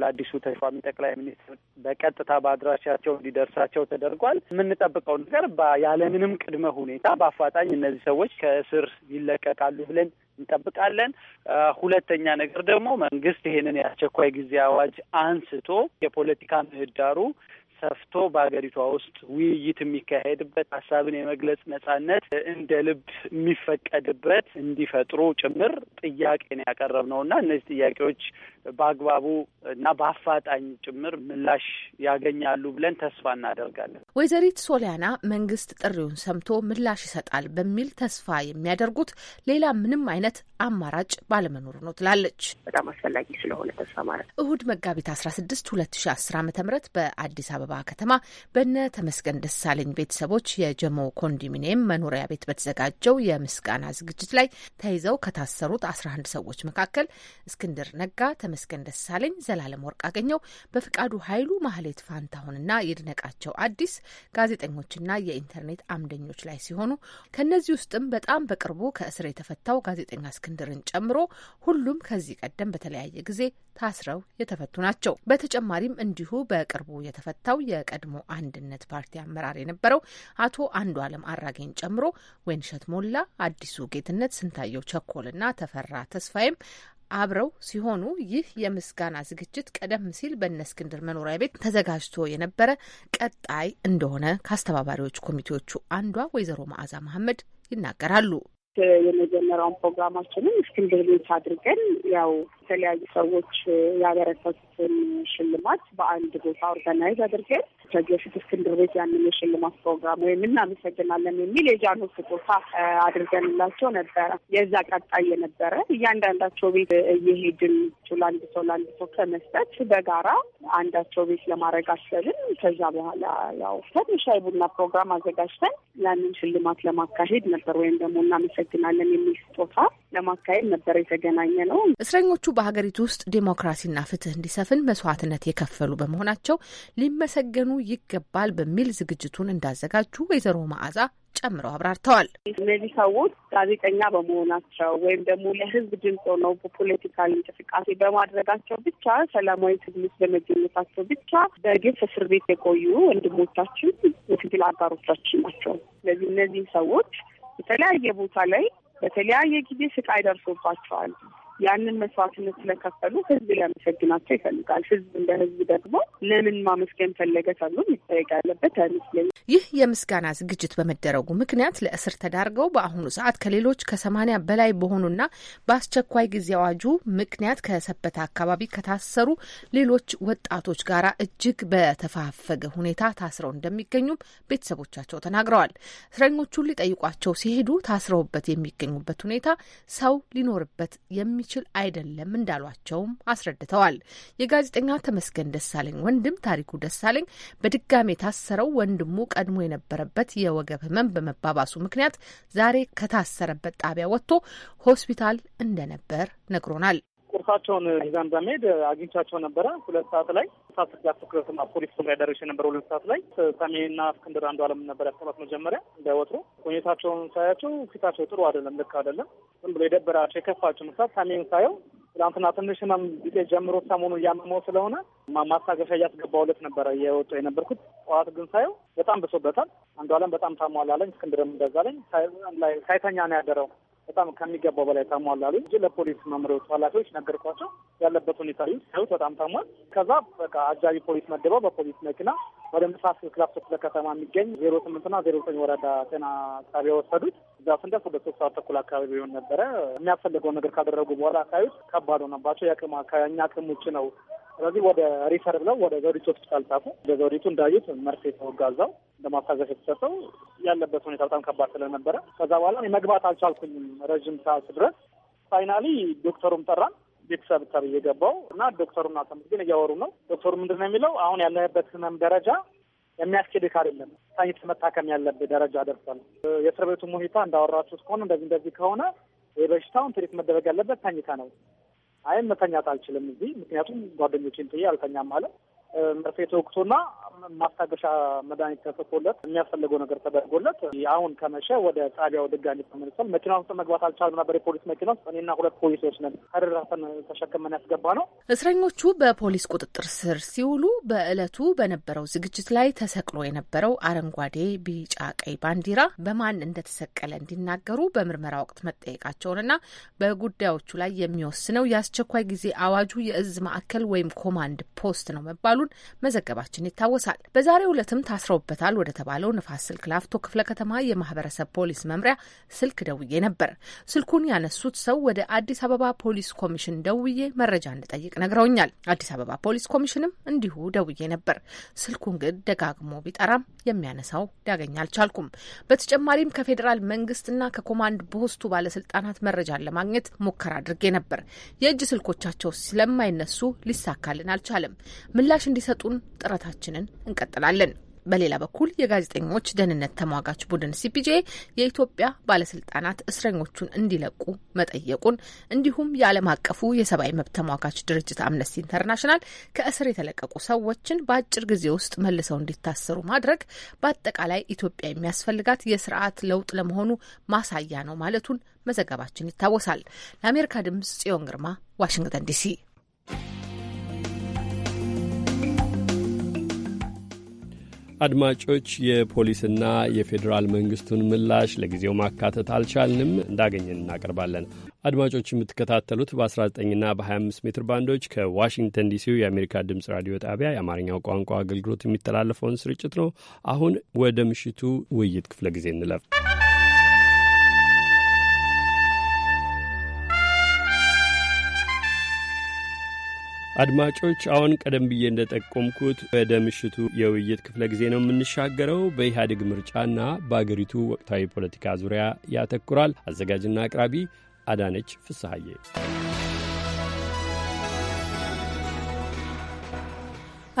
ለአዲሱ ተሿሚ ጠቅላይ ሚኒስትር በቀጥታ በአድራሻቸው እንዲደርሳቸው ተደርጓል። የምንጠብቀው ነገር ያለምንም ቅድመ ሁኔታ በአፋጣኝ እነዚህ ሰዎች ከእስር ይለቀቃሉ ብለን እንጠብቃለን። ሁለተኛ ነገር ደግሞ መንግስት ይሄንን የአስቸኳይ ጊዜ አዋጅ አንስቶ የፖለቲካ ምህዳሩ ሰፍቶ በሀገሪቷ ውስጥ ውይይት የሚካሄድበት ሀሳብን የመግለጽ ነጻነት እንደ ልብ የሚፈቀድበት እንዲፈጥሩ ጭምር ጥያቄ ነው ነው እና እነዚህ ጥያቄዎች በአግባቡ እና በአፋጣኝ ጭምር ምላሽ ያገኛሉ ብለን ተስፋ እናደርጋለን። ወይዘሪት ሶሊያና መንግስት ጥሪውን ሰምቶ ምላሽ ይሰጣል በሚል ተስፋ የሚያደርጉት ሌላ ምንም አይነት አማራጭ ባለመኖሩ ነው ትላለች። በጣም አስፈላጊ ስለሆነ ተስፋ ማለት እሁድ መጋቢት አስራ ስድስት ሁለት ሺ አስር አመተ ምህረት በአዲስ አበባ ከተማ በነ ተመስገን ደሳለኝ ቤተሰቦች የጀሞ ኮንዶሚኒየም መኖሪያ ቤት በተዘጋጀው የምስጋና ዝግጅት ላይ ተይዘው ከታሰሩት 11 ሰዎች መካከል እስክንድር ነጋ፣ ተመስገን ደሳለኝ፣ ዘላለም ወርቅ አገኘው፣ በፍቃዱ ኃይሉ፣ ማህሌት ፋንታሁንና የድነቃቸው አዲስ ጋዜጠኞችና የኢንተርኔት አምደኞች ላይ ሲሆኑ ከእነዚህ ውስጥም በጣም በቅርቡ ከእስር የተፈታው ጋዜጠኛ እስክንድርን ጨምሮ ሁሉም ከዚህ ቀደም በተለያየ ጊዜ ታስረው የተፈቱ ናቸው። በተጨማሪም እንዲሁ በቅርቡ የተፈታው የተነሳው የቀድሞ አንድነት ፓርቲ አመራር የነበረው አቶ አንዱ አለም አራጌን ጨምሮ ወይንሸት ሞላ፣ አዲሱ ጌትነት፣ ስንታየው ቸኮልና ተፈራ ተስፋዬም አብረው ሲሆኑ ይህ የምስጋና ዝግጅት ቀደም ሲል በእነ እስክንድር መኖሪያ ቤት ተዘጋጅቶ የነበረ ቀጣይ እንደሆነ ከአስተባባሪዎች ኮሚቴዎቹ አንዷ ወይዘሮ መዓዛ መሀመድ ይናገራሉ። የመጀመሪያውን ፕሮግራማችንን እስክንድር ቤት አድርገን ያው የተለያዩ ሰዎች ያበረከቱ የሚሰጡትን ሽልማት በአንድ ቦታ ኦርጋናይዝ አድርገን ከጊዮፊት እስክንድር ቤት ያንን የሽልማት ፕሮግራም ወይም እናመሰግናለን የሚል የጃኖ ስጦታ አድርገንላቸው ነበረ። የዛ ቀጣይ የነበረ እያንዳንዳቸው ቤት እየሄድን ለአንድ ሰው ለአንድ ሰው ከመስጠት በጋራ አንዳቸው ቤት ለማድረግ አሰብን። ከዛ በኋላ ያው ትንሽ ቡና ፕሮግራም አዘጋጅተን ያንን ሽልማት ለማካሄድ ነበር ወይም ደግሞ እናመሰግናለን የሚል ስጦታ ለማካሄድ ነበር የተገናኘ ነው። እስረኞቹ በሀገሪቱ ውስጥ ዴሞክራሲና ፍትህ እንዲሰፍን መስዋዕትነት የከፈሉ በመሆናቸው ሊመሰገኑ ይገባል በሚል ዝግጅቱን እንዳዘጋጁ ወይዘሮ መዓዛ ጨምረው አብራርተዋል። እነዚህ ሰዎች ጋዜጠኛ በመሆናቸው ወይም ደግሞ ለህዝብ ድምፅ ሆነው በፖለቲካል እንቅስቃሴ በማድረጋቸው ብቻ ሰላማዊ ትግል ውስጥ በመገኘታቸው ብቻ በግፍ እስር ቤት የቆዩ ወንድሞቻችን የትግል አጋሮቻችን ናቸው። ስለዚህ እነዚህ ሰዎች የተለያየ ቦታ ላይ በተለያየ ጊዜ ስቃይ ደርሶባቸዋል። ያንን መስዋዕትነት ስለከፈሉ ህዝብ ሊያመሰግናቸው ይፈልጋል። ህዝብ እንደ ህዝብ ደግሞ ለምን ማመስገን ፈለገ ተብሎ የሚጠየቅ ያለበት አይመስለኝም። ይህ የምስጋና ዝግጅት በመደረጉ ምክንያት ለእስር ተዳርገው በአሁኑ ሰዓት ከሌሎች ከሰማኒያ በላይ በሆኑና በአስቸኳይ ጊዜ አዋጁ ምክንያት ከሰበተ አካባቢ ከታሰሩ ሌሎች ወጣቶች ጋር እጅግ በተፋፈገ ሁኔታ ታስረው እንደሚገኙም ቤተሰቦቻቸው ተናግረዋል። እስረኞቹን ሊጠይቋቸው ሲሄዱ ታስረውበት የሚገኙበት ሁኔታ ሰው ሊኖርበት የሚ የሚችል አይደለም እንዳሏቸውም አስረድተዋል። የጋዜጠኛ ተመስገን ደሳለኝ ወንድም ታሪኩ ደሳለኝ በድጋሚ የታሰረው ወንድሙ ቀድሞ የነበረበት የወገብ ህመም በመባባሱ ምክንያት ዛሬ ከታሰረበት ጣቢያ ወጥቶ ሆስፒታል እንደነበር ነግሮናል። እሳቸውን ይዘን በመሄድ አግኝቻቸው ነበረ። ሁለት ሰዓት ላይ ሳት እሳት ስጋት ና ፖሊስ ትግራይ ደርሼ ነበር። ሁለት ሰዓት ላይ ሰሜንና እስክንድር አንዱ አለም ነበር ያሰባት መጀመሪያ እንዳይወትሩ ሁኔታቸውን ሳያቸው ፊታቸው ጥሩ አይደለም፣ ልክ አይደለም። ዝም ብሎ የደበራቸው የከፋቸው ምሳት ሰሜን ሳየው ትላንትና ትንሽ ህመም ጊዜ ጀምሮ ሰሞኑ እያመመው ስለሆነ ማስታገሻ እያስገባሁለት ነበረ የወጡ የነበርኩት። ጠዋት ግን ሳየው በጣም ብሶበታል። አንዱ አለም በጣም ታሟላለኝ፣ እስክንድርም እንደዛ አለኝ። ሳይተኛ ነው ያደረው በጣም ከሚገባው በላይ ታሟል አሉ እ ለፖሊስ መምሪያዎቹ ኃላፊዎች ነገርኳቸው። ያለበት ሁኔታ ሲያዩት በጣም ታሟል። ከዛ በቃ አጃቢ ፖሊስ መደበው በፖሊስ መኪና ወደ ምሳስ ክላፍቶ ክፍለ ከተማ የሚገኝ ዜሮ ስምንት ና ዜሮ ዘጠኝ ወረዳ ጤና ጣቢያ ወሰዱት። እዛ ስንደርስ ወደ ሶስት ሰዓት ተኩል አካባቢ ቢሆን ነበረ። የሚያስፈልገውን ነገር ካደረጉ በኋላ ሳዩት ከባድ ሆነባቸው። የአቅም ከእኛ ቅም ውጭ ነው ስለዚህ ወደ ሪፈር ብለው ወደ ዘውዲቱ ሆስፒታል ጻፉ። በዘውዲቱ እንዳዩት መርፌ የተወጋ እዛው ለማስታገሻ የተሰጠው ያለበት ሁኔታ በጣም ከባድ ስለነበረ ከዛ በኋላ መግባት አልቻልኩኝም ረዥም ሰዓት ድረስ። ፋይናሊ ዶክተሩም ጠራን ቤተሰብ ተብ እየገባው እና ዶክተሩና ተምር ግን እያወሩ ነው። ዶክተሩ ምንድን ነው የሚለው አሁን ያለበት ህመም ደረጃ የሚያስኬድ ካር የለም ታኝት መታከም ያለብህ ደረጃ ደርሷል። የእስር ቤቱ ሁኔታ እንዳወራችሁት ከሆነ እንደዚህ እንደዚህ ከሆነ የበሽታውን ትሪት መደረግ ያለበት ታኝታ ነው አይ መተኛት አልችልም እዚህ ምክንያቱም ጓደኞቼን ጥዬ አልተኛም አለ። መርፌ ተወቅቶና ማስታገሻ መድኃኒት ተጽፎለት የሚያስፈልገው ነገር ተደርጎለት አሁን ከመሸ ወደ ጣቢያው ድጋሚ ተመልሷል። መኪና ውስጥ መግባት አልቻልም ነበር። የፖሊስ መኪና ውስጥ እኔና ሁለት ፖሊሶች ነን ከደራሰን ተሸክመን ያስገባ ነው። እስረኞቹ በፖሊስ ቁጥጥር ስር ሲውሉ በእለቱ በነበረው ዝግጅት ላይ ተሰቅሎ የነበረው አረንጓዴ፣ ቢጫ፣ ቀይ ባንዲራ በማን እንደተሰቀለ እንዲናገሩ በምርመራ ወቅት መጠየቃቸውንና በጉዳዮቹ ላይ የሚወስነው የአስቸኳይ ጊዜ አዋጁ የእዝ ማዕከል ወይም ኮማንድ ፖስት ነው መባሉን መዘገባችን ይታወሳል። ይታወሳል። በዛሬው ዕለትም ታስረውበታል ወደ ተባለው ንፋስ ስልክ ላፍቶ ክፍለ ከተማ የማህበረሰብ ፖሊስ መምሪያ ስልክ ደውዬ ነበር። ስልኩን ያነሱት ሰው ወደ አዲስ አበባ ፖሊስ ኮሚሽን ደውዬ መረጃ እንድጠይቅ ነግረውኛል። አዲስ አበባ ፖሊስ ኮሚሽንም እንዲሁ ደውዬ ነበር። ስልኩን ግን ደጋግሞ ቢጠራም የሚያነሳው ሊያገኝ አልቻልኩም። በተጨማሪም ከፌዴራል መንግስትና ከኮማንድ ፖስቱ ባለስልጣናት መረጃን ለማግኘት ሙከራ አድርጌ ነበር። የእጅ ስልኮቻቸው ስለማይነሱ ሊሳካልን አልቻለም። ምላሽ እንዲሰጡን ጥረታችንን እንቀጥላለን። በሌላ በኩል የጋዜጠኞች ደህንነት ተሟጋች ቡድን ሲፒጄ የኢትዮጵያ ባለስልጣናት እስረኞቹን እንዲለቁ መጠየቁን እንዲሁም የዓለም አቀፉ የሰብአዊ መብት ተሟጋች ድርጅት አምነስቲ ኢንተርናሽናል ከእስር የተለቀቁ ሰዎችን በአጭር ጊዜ ውስጥ መልሰው እንዲታሰሩ ማድረግ በአጠቃላይ ኢትዮጵያ የሚያስፈልጋት የስርዓት ለውጥ ለመሆኑ ማሳያ ነው ማለቱን መዘገባችን ይታወሳል። ለአሜሪካ ድምጽ ጽዮን ግርማ ዋሽንግተን ዲሲ። አድማጮች የፖሊስና የፌዴራል መንግስቱን ምላሽ ለጊዜው ማካተት አልቻልንም። እንዳገኘን እናቀርባለን። አድማጮች የምትከታተሉት በ19ና በ25 ሜትር ባንዶች ከዋሽንግተን ዲሲው የአሜሪካ ድምፅ ራዲዮ ጣቢያ የአማርኛው ቋንቋ አገልግሎት የሚተላለፈውን ስርጭት ነው። አሁን ወደ ምሽቱ ውይይት ክፍለ ጊዜ እንለፍ። አድማጮች አሁን ቀደም ብዬ እንደጠቆምኩት ወደ ምሽቱ የውይይት ክፍለ ጊዜ ነው የምንሻገረው። በኢህአዴግ ምርጫና በአገሪቱ ወቅታዊ ፖለቲካ ዙሪያ ያተኩራል። አዘጋጅና አቅራቢ አዳነች ፍስሐዬ።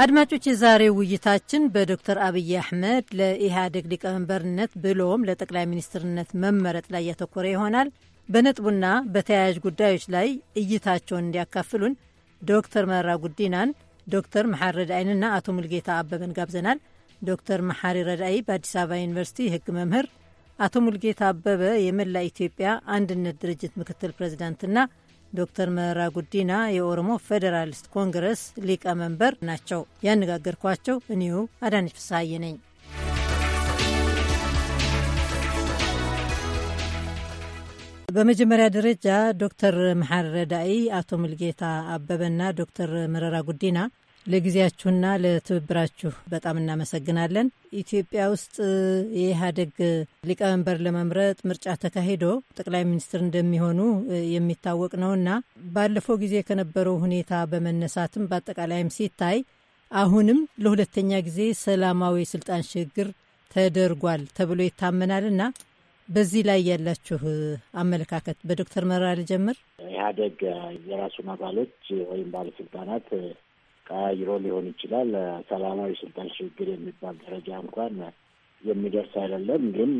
አድማጮች የዛሬው ውይይታችን በዶክተር አብይ አህመድ ለኢህአዴግ ሊቀመንበርነት ብሎም ለጠቅላይ ሚኒስትርነት መመረጥ ላይ ያተኮረ ይሆናል። በነጥቡና በተያያዥ ጉዳዮች ላይ እይታቸውን እንዲያካፍሉን ዶክተር መረራ ጉዲናን ዶክተር መሓሪ ረዳይንና አቶ ሙልጌታ አበበን ጋብዘናል። ዶክተር መሓሪ ረዳይ በአዲስ አበባ ዩኒቨርሲቲ ህግ መምህር፣ አቶ ሙልጌታ አበበ የመላ ኢትዮጵያ አንድነት ድርጅት ምክትል ፕሬዚዳንትና ዶክተር መረራ ጉዲና የኦሮሞ ፌዴራሊስት ኮንግረስ ሊቀመንበር ናቸው። ያነጋገርኳቸው እኒሁ አዳነች ፍስሐዬ ነኝ። በመጀመሪያ ደረጃ ዶክተር መሐሪ ረዳኢ፣ አቶ ሙልጌታ አበበና ዶክተር መረራ ጉዲና ለጊዜያችሁና ለትብብራችሁ በጣም እናመሰግናለን። ኢትዮጵያ ውስጥ የኢህአዴግ ሊቀመንበር ለመምረጥ ምርጫ ተካሂዶ ጠቅላይ ሚኒስትር እንደሚሆኑ የሚታወቅ ነውና ባለፈው ጊዜ ከነበረው ሁኔታ በመነሳትም በአጠቃላይም ሲታይ አሁንም ለሁለተኛ ጊዜ ሰላማዊ ስልጣን ሽግግር ተደርጓል ተብሎ ይታመናልና በዚህ ላይ ያላችሁ አመለካከት በዶክተር መረራ ልጀምር። ኢህአዴግ የራሱን አባሎች ወይም ባለስልጣናት ቀያይሮ ሊሆን ይችላል። ሰላማዊ ስልጣን ሽግግር የሚባል ደረጃ እንኳን የሚደርስ አይደለም። ግን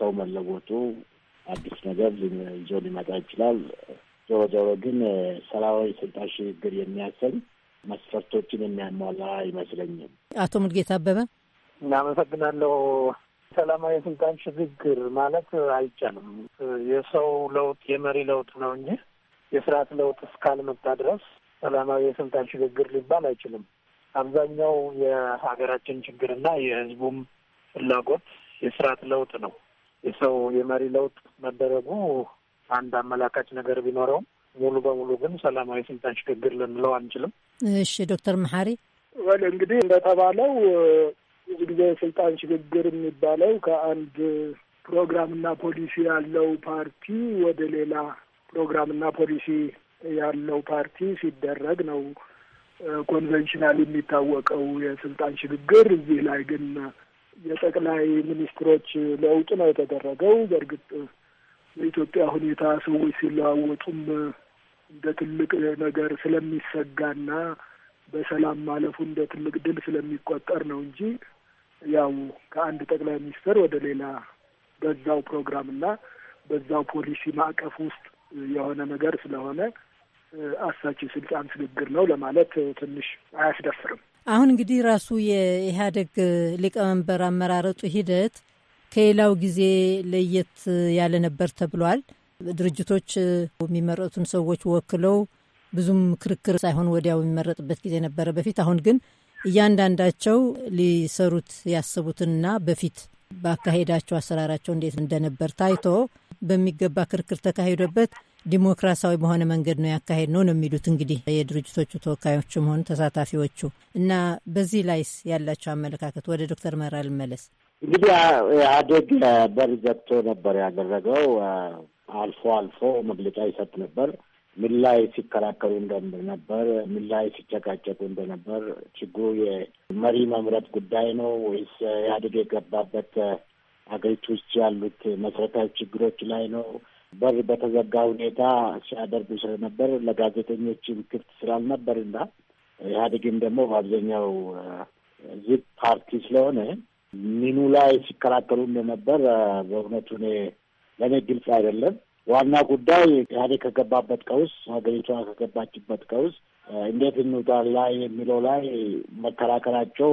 ሰው መለወጡ አዲስ ነገር ይዞ ሊመጣ ይችላል። ዞሮ ዞሮ ግን ሰላማዊ ስልጣን ሽግግር የሚያሰኝ መስፈርቶችን የሚያሟላ አይመስለኝም። አቶ ሙልጌታ አበበ እናመሰግናለሁ። ሰላማዊ ስልጣን ሽግግር ማለት አይቻልም። የሰው ለውጥ የመሪ ለውጥ ነው እንጂ የስርዓት ለውጥ እስካልመጣ ድረስ ሰላማዊ የስልጣን ሽግግር ሊባል አይችልም። አብዛኛው የሀገራችን ችግርና የህዝቡም ፍላጎት የስርዓት ለውጥ ነው። የሰው የመሪ ለውጥ መደረጉ አንድ አመላካች ነገር ቢኖረውም ሙሉ በሙሉ ግን ሰላማዊ ስልጣን ሽግግር ልንለው አንችልም። እሺ ዶክተር መሐሪ ወል እንግዲህ እንደተባለው ብዙ ጊዜ የስልጣን ሽግግር የሚባለው ከአንድ ፕሮግራምና ፖሊሲ ያለው ፓርቲ ወደ ሌላ ፕሮግራምና ፖሊሲ ያለው ፓርቲ ሲደረግ ነው ኮንቨንሽናል የሚታወቀው የስልጣን ሽግግር። እዚህ ላይ ግን የጠቅላይ ሚኒስትሮች ለውጥ ነው የተደረገው። በእርግጥ በኢትዮጵያ ሁኔታ ሰዎች ሲለዋወጡም እንደ ትልቅ ነገር ስለሚሰጋና በሰላም ማለፉ እንደ ትልቅ ድል ስለሚቆጠር ነው እንጂ ያው ከአንድ ጠቅላይ ሚኒስትር ወደ ሌላ በዛው ፕሮግራምና በዛው ፖሊሲ ማዕቀፍ ውስጥ የሆነ ነገር ስለሆነ አሳች ስልጣን ሽግግር ነው ለማለት ትንሽ አያስደፍርም። አሁን እንግዲህ ራሱ የኢህአዴግ ሊቀመንበር አመራረጡ ሂደት ከሌላው ጊዜ ለየት ያለ ነበር ተብሏል። ድርጅቶች የሚመረጡትን ሰዎች ወክለው ብዙም ክርክር ሳይሆን ወዲያው የሚመረጥበት ጊዜ ነበረ በፊት። አሁን ግን እያንዳንዳቸው ሊሰሩት ያሰቡትንና በፊት ባካሄዳቸው አሰራራቸው እንዴት እንደነበር ታይቶ በሚገባ ክርክር ተካሂዶበት ዲሞክራሲያዊ በሆነ መንገድ ነው ያካሄድ ነው ነው የሚሉት እንግዲህ የድርጅቶቹ ተወካዮችም ሆኑ ተሳታፊዎቹ። እና በዚህ ላይስ ያላቸው አመለካከት ወደ ዶክተር መራ ልመለስ። እንግዲህ ኢህአዴግ በር ዘግቶ ነበር ያደረገው። አልፎ አልፎ መግለጫ ይሰጥ ነበር። ምን ላይ ሲከራከሩ እንደነበር፣ ምን ላይ ሲጨቃጨቁ እንደነበር፣ ችግሩ የመሪ መምረጥ ጉዳይ ነው ወይስ ኢህአዴግ የገባበት ሀገሪቱ ውስጥ ያሉት መሰረታዊ ችግሮች ላይ ነው? በር በተዘጋ ሁኔታ ሲያደርጉ ስለነበር ለጋዜጠኞችም ክፍት ስላልነበርና ኢህአዴግም ደግሞ በአብዛኛው ዝግ ፓርቲ ስለሆነ ሚኑ ላይ ሲከራከሩ እንደነበር በእውነቱ እኔ ለእኔ ግልጽ አይደለም። ዋና ጉዳይ ኢህአዴግ ከገባበት ቀውስ ሀገሪቷ ከገባችበት ቀውስ እንዴት እንውጣ ላይ የሚለው ላይ መከራከራቸው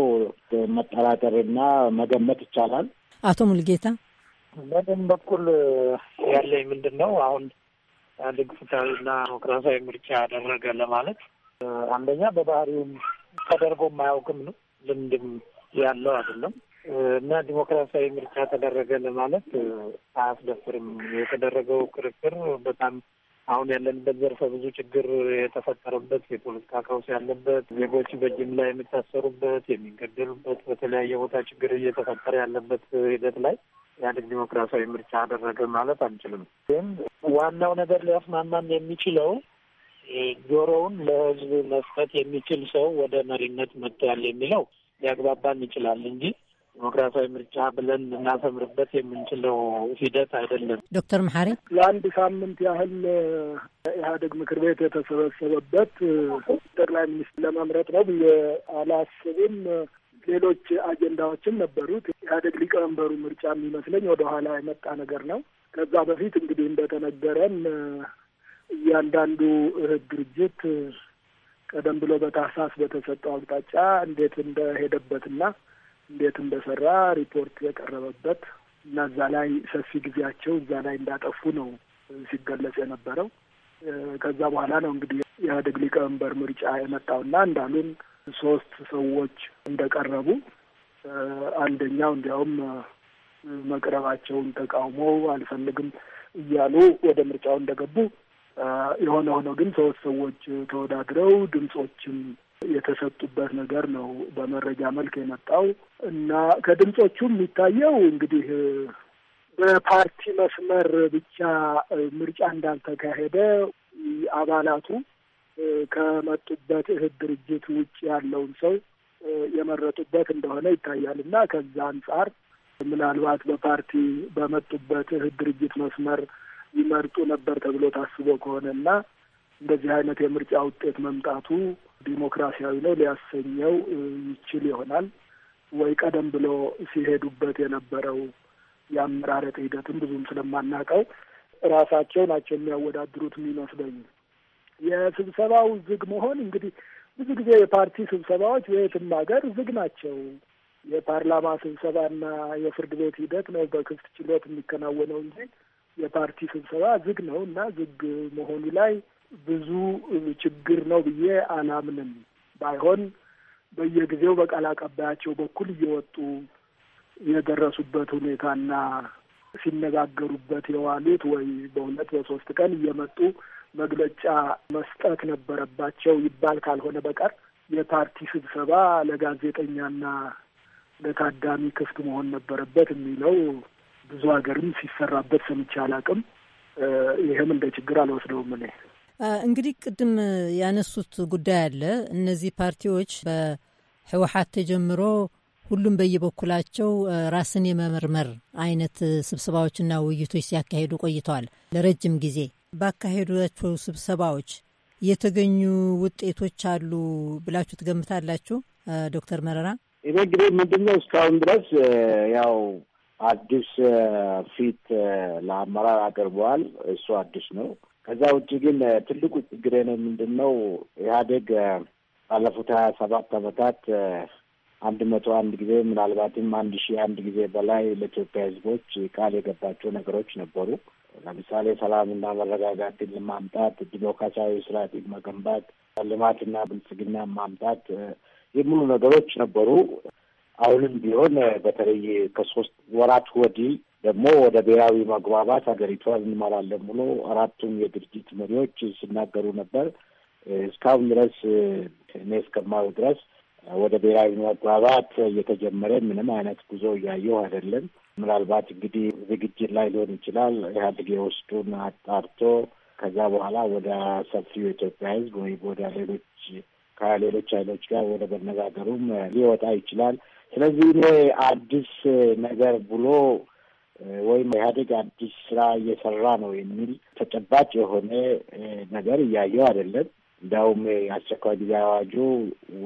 መጠራጠርና መገመት ይቻላል። አቶ ሙልጌታ በደም በኩል ያለኝ ምንድን ነው አሁን ኢህአዴግ ፍትሐዊና ዲሞክራሲያዊ ምርጫ ያደረገ ለማለት አንደኛ በባህሪውም ተደርጎ የማያውቅም ነው። ልምድም ያለው አይደለም። እና ዲሞክራሲያዊ ምርጫ ተደረገ ለማለት አያስደፍርም። የተደረገው ክርክር በጣም አሁን ያለንበት ዘርፈ ብዙ ችግር የተፈጠረበት የፖለቲካ ቀውስ ያለበት፣ ዜጎች በጅምላ የሚታሰሩበት፣ የሚገደሉበት በተለያየ ቦታ ችግር እየተፈጠረ ያለበት ሂደት ላይ ኢህአዴግ ዲሞክራሲያዊ ምርጫ አደረገ ማለት አንችልም። ግን ዋናው ነገር ሊያስማማን የሚችለው ጆሮውን ለህዝብ መስጠት የሚችል ሰው ወደ መሪነት መጥቷል የሚለው ሊያግባባን ይችላል እንጂ ዲሞክራሲያዊ ምርጫ ብለን ልናሰምርበት የምንችለው ሂደት አይደለም። ዶክተር መሐሪ ለአንድ ሳምንት ያህል ኢህአዴግ ምክር ቤት የተሰበሰበበት ጠቅላይ ሚኒስትር ለመምረጥ ነው ብዬ አላስብም። ሌሎች አጀንዳዎችም ነበሩት። ኢህአዴግ ሊቀመንበሩ ምርጫ የሚመስለኝ ወደኋላ የመጣ ነገር ነው። ከዛ በፊት እንግዲህ እንደተነገረን እያንዳንዱ እህት ድርጅት ቀደም ብሎ በታህሳስ በተሰጠው አቅጣጫ እንዴት እንደሄደበትና እንዴት እንደሰራ ሪፖርት የቀረበበት እና እዛ ላይ ሰፊ ጊዜያቸው እዛ ላይ እንዳጠፉ ነው ሲገለጽ የነበረው። ከዛ በኋላ ነው እንግዲህ የኢህአዴግ ሊቀመንበር ምርጫ የመጣውና እንዳሉን ሶስት ሰዎች እንደቀረቡ አንደኛው እንዲያውም መቅረባቸውን ተቃውመው አልፈልግም እያሉ ወደ ምርጫው እንደገቡ የሆነ ሆኖ ግን ሶስት ሰዎች ተወዳድረው ድምጾችን የተሰጡበት ነገር ነው በመረጃ መልክ የመጣው እና ከድምጾቹ የሚታየው እንግዲህ በፓርቲ መስመር ብቻ ምርጫ እንዳልተካሄደ አባላቱ ከመጡበት እህት ድርጅት ውጭ ያለውን ሰው የመረጡበት እንደሆነ ይታያል እና ከዛ አንጻር ምናልባት በፓርቲ በመጡበት እህት ድርጅት መስመር ይመርጡ ነበር ተብሎ ታስቦ ከሆነና እንደዚህ አይነት የምርጫ ውጤት መምጣቱ ዲሞክራሲያዊ ነው ሊያሰኘው ይችል ይሆናል ወይ ቀደም ብሎ ሲሄዱበት የነበረው የአመራረጥ ሂደትም ብዙም ስለማናውቀው ራሳቸው ናቸው የሚያወዳድሩት የሚመስለኝ። የስብሰባው ዝግ መሆን እንግዲህ ብዙ ጊዜ የፓርቲ ስብሰባዎች በየትም ሀገር ዝግ ናቸው። የፓርላማ ስብሰባና የፍርድ ቤት ሂደት ነው በክፍት ችሎት የሚከናወነው እንጂ የፓርቲ ስብሰባ ዝግ ነው እና ዝግ መሆኑ ላይ ብዙ ችግር ነው ብዬ አላምንም። ባይሆን በየጊዜው በቃል አቀባያቸው በኩል እየወጡ የደረሱበት ሁኔታና ሲነጋገሩበት የዋሉት ወይ በሁለት በሶስት ቀን እየመጡ መግለጫ መስጠት ነበረባቸው ይባል ካልሆነ በቀር የፓርቲ ስብሰባ ለጋዜጠኛና ለታዳሚ ክፍት መሆን ነበረበት የሚለው ብዙ ሀገርም ሲሰራበት ሰምቼ አላቅም። ይህም እንደ ችግር አልወስደውም እኔ። እንግዲህ ቅድም ያነሱት ጉዳይ አለ። እነዚህ ፓርቲዎች በህወሓት ተጀምሮ ሁሉም በየበኩላቸው ራስን የመመርመር አይነት ስብሰባዎችና ውይይቶች ሲያካሂዱ ቆይተዋል ለረጅም ጊዜ። ባካሄዷቸው ስብሰባዎች የተገኙ ውጤቶች አሉ ብላችሁ ትገምታላችሁ ዶክተር መረራ? እኔ እንግዲህ ምንድነው እስካሁን ድረስ ያው አዲስ ፊት ለአመራር አቅርበዋል። እሱ አዲስ ነው። ከዛ ውጭ ግን ትልቁ ችግሬ ነው ምንድን ነው ኢህአዴግ ባለፉት ሀያ ሰባት አመታት አንድ መቶ አንድ ጊዜ ምናልባትም አንድ ሺህ አንድ ጊዜ በላይ ለኢትዮጵያ ህዝቦች ቃል የገባቸው ነገሮች ነበሩ። ለምሳሌ ሰላምና መረጋጋትን ለማምጣት፣ ዲሞክራሲያዊ ስርዓትን መገንባት፣ ልማትና ብልጽግና ማምጣት የሚሉ ነገሮች ነበሩ። አሁንም ቢሆን በተለይ ከሶስት ወራት ወዲህ ደግሞ ወደ ብሔራዊ መግባባት ሀገሪቷን እንመራለን ብሎ አራቱም የድርጅት መሪዎች ሲናገሩ ነበር። እስካሁን ድረስ እኔ እስከማየው ድረስ ወደ ብሔራዊ መግባባት እየተጀመረ ምንም አይነት ጉዞ እያየው አይደለም። ምናልባት እንግዲህ ዝግጅት ላይ ሊሆን ይችላል። ኢህአዴግ የውስጡን አጣርቶ ከዛ በኋላ ወደ ሰፊው የኢትዮጵያ ሕዝብ ወይ ወደ ሌሎች ከሌሎች ኃይሎች ጋር ወደ መነጋገሩም ሊወጣ ይችላል። ስለዚህ እኔ አዲስ ነገር ብሎ ወይም ኢህአዴግ አዲስ ስራ እየሰራ ነው የሚል ተጨባጭ የሆነ ነገር እያየው አይደለም። እንዲያውም የአስቸኳይ ጊዜ አዋጁ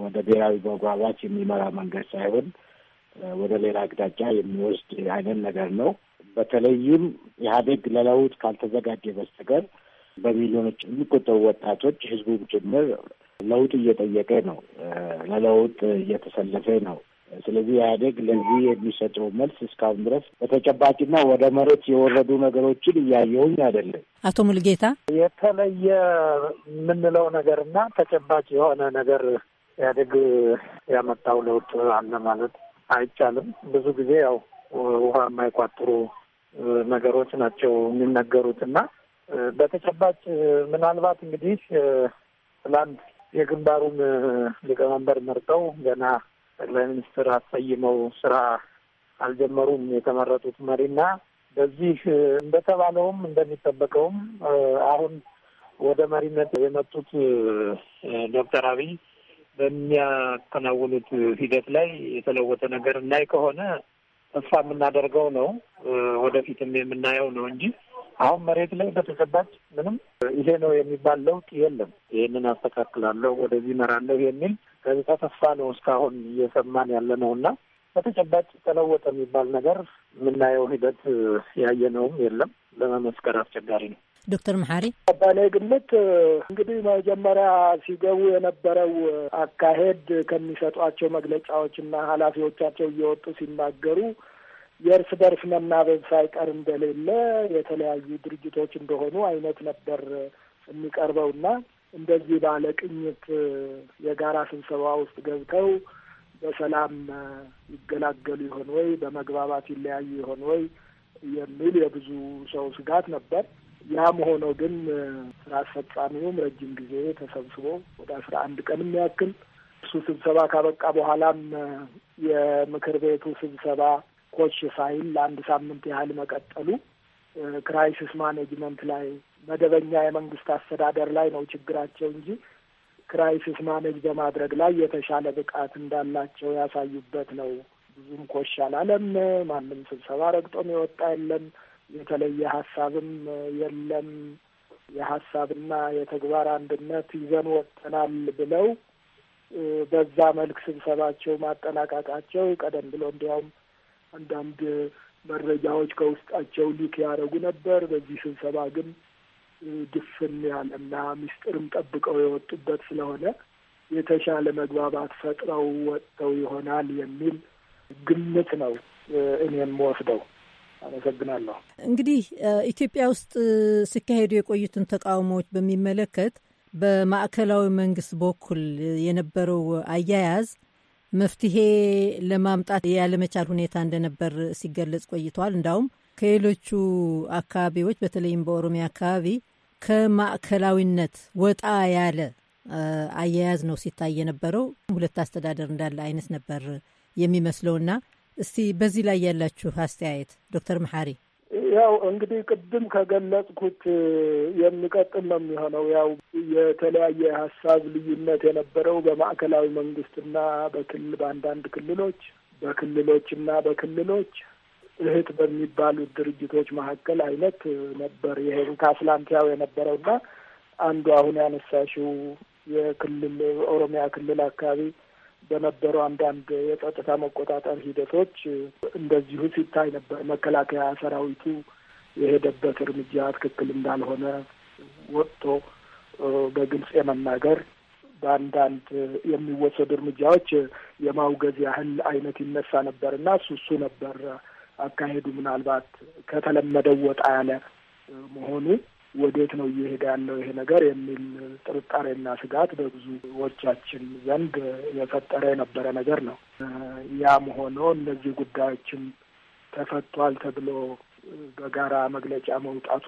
ወደ ብሔራዊ መግባባት የሚመራ መንገድ ሳይሆን ወደ ሌላ አቅጣጫ የሚወስድ አይነት ነገር ነው። በተለይም ኢህአዴግ ለለውጥ ካልተዘጋጀ በስተቀር በሚሊዮኖች የሚቆጠሩ ወጣቶች ህዝቡም ጭምር ለውጥ እየጠየቀ ነው፣ ለለውጥ እየተሰለፈ ነው። ስለዚህ ኢህአዴግ ለዚህ የሚሰጠው መልስ እስካሁን ድረስ በተጨባጭና ወደ መሬት የወረዱ ነገሮችን እያየውኝ አይደለም። አቶ ሙልጌታ የተለየ የምንለው ነገርና ተጨባጭ የሆነ ነገር ኢህአዴግ ያመጣው ለውጥ አለ ማለት አይቻልም። ብዙ ጊዜ ያው ውሃ የማይቋጥሩ ነገሮች ናቸው የሚነገሩት እና በተጨባጭ ምናልባት እንግዲህ ትላንት የግንባሩን ሊቀመንበር መርጠው ገና ጠቅላይ ሚኒስትር አስሰይመው ስራ አልጀመሩም የተመረጡት መሪና በዚህ እንደተባለውም እንደሚጠበቀውም አሁን ወደ መሪነት የመጡት ዶክተር አብይ በሚያከናውኑት ሂደት ላይ የተለወጠ ነገር እናይ ከሆነ ተስፋ የምናደርገው ነው፣ ወደፊትም የምናየው ነው እንጂ አሁን መሬት ላይ በተጨባጭ ምንም ይሄ ነው የሚባል ለውጥ የለም። ይህንን አስተካክላለሁ፣ ወደዚህ መራለሁ የሚል ከዚህ ተስፋ ነው እስካሁን እየሰማን ያለ ነው እና በተጨባጭ ተለወጠ የሚባል ነገር የምናየው ሂደት ያየነውም የለም። ለመመስከር አስቸጋሪ ነው። ዶክተር መሐሪ ባኔ ግምት እንግዲህ መጀመሪያ ሲገቡ የነበረው አካሄድ ከሚሰጧቸው መግለጫዎችና ኃላፊዎቻቸው እየወጡ ሲናገሩ የእርስ በርስ መናበብ ሳይቀር እንደሌለ የተለያዩ ድርጅቶች እንደሆኑ አይነት ነበር የሚቀርበውና እንደዚህ ባለ ቅኝት የጋራ ስብሰባ ውስጥ ገብተው በሰላም ይገላገሉ ይሆን ወይ፣ በመግባባት ይለያዩ ይሆን ወይ የሚል የብዙ ሰው ስጋት ነበር። ያም ሆኖ ግን ስራ አስፈጻሚውም ረጅም ጊዜ ተሰብስቦ ወደ አስራ አንድ ቀን የሚያክል እሱ ስብሰባ ካበቃ በኋላም የምክር ቤቱ ስብሰባ ኮች ሳይል ለአንድ ሳምንት ያህል መቀጠሉ ክራይሲስ ማኔጅመንት ላይ መደበኛ የመንግስት አስተዳደር ላይ ነው ችግራቸው እንጂ ክራይሲስ ማኔጅ በማድረግ ላይ የተሻለ ብቃት እንዳላቸው ያሳዩበት ነው። ብዙም ኮሽ አላለም። ማንም ስብሰባ ረግጦም የወጣ የለም። የተለየ ሀሳብም የለም። የሀሳብና የተግባር አንድነት ይዘን ወጥተናል ብለው በዛ መልክ ስብሰባቸው ማጠናቀቃቸው ቀደም ብሎ እንዲያውም አንዳንድ መረጃዎች ከውስጣቸው ሊክ ያደረጉ ነበር። በዚህ ስብሰባ ግን ድፍን እና ምስጢርም ጠብቀው የወጡበት ስለሆነ የተሻለ መግባባት ፈጥረው ወጥተው ይሆናል የሚል ግምት ነው እኔም ወስደው። አመሰግናለሁ። እንግዲህ ኢትዮጵያ ውስጥ ሲካሄዱ የቆዩትን ተቃውሞዎች በሚመለከት በማዕከላዊ መንግስት በኩል የነበረው አያያዝ መፍትሄ ለማምጣት ያለመቻል ሁኔታ እንደነበር ሲገለጽ ቆይቷል። እንዳውም ከሌሎቹ አካባቢዎች በተለይም በኦሮሚያ አካባቢ ከማዕከላዊነት ወጣ ያለ አያያዝ ነው ሲታይ የነበረው። ሁለት አስተዳደር እንዳለ አይነት ነበር የሚመስለውና እስቲ በዚህ ላይ ያላችሁ አስተያየት ዶክተር መሐሪ። ያው እንግዲህ ቅድም ከገለጽኩት የሚቀጥል ነው የሚሆነው። ያው የተለያየ ሀሳብ ልዩነት የነበረው በማዕከላዊ መንግስትና በክልል በአንዳንድ ክልሎች በክልሎችና በክልሎች እህት በሚባሉት ድርጅቶች መካከል አይነት ነበር። ይሄ ከአትላንቲያው የነበረውና አንዱ አሁን ያነሳሽው የክልል ኦሮሚያ ክልል አካባቢ በነበሩ አንዳንድ የጸጥታ መቆጣጠር ሂደቶች እንደዚሁ ሲታይ ነበር። መከላከያ ሰራዊቱ የሄደበት እርምጃ ትክክል እንዳልሆነ ወጥቶ በግልጽ የመናገር በአንዳንድ የሚወሰዱ እርምጃዎች የማውገዝ ያህል አይነት ይነሳ ነበር እና እሱ እሱ ነበር አካሄዱ ምናልባት ከተለመደው ወጣ ያለ መሆኑ ወዴት ነው እየሄደ ያለው ይሄ ነገር የሚል ጥርጣሬና ስጋት በብዙዎቻችን ዘንድ የፈጠረ የነበረ ነገር ነው። ያም ሆኖ እነዚህ ጉዳዮችም ተፈቷል ተብሎ በጋራ መግለጫ መውጣቱ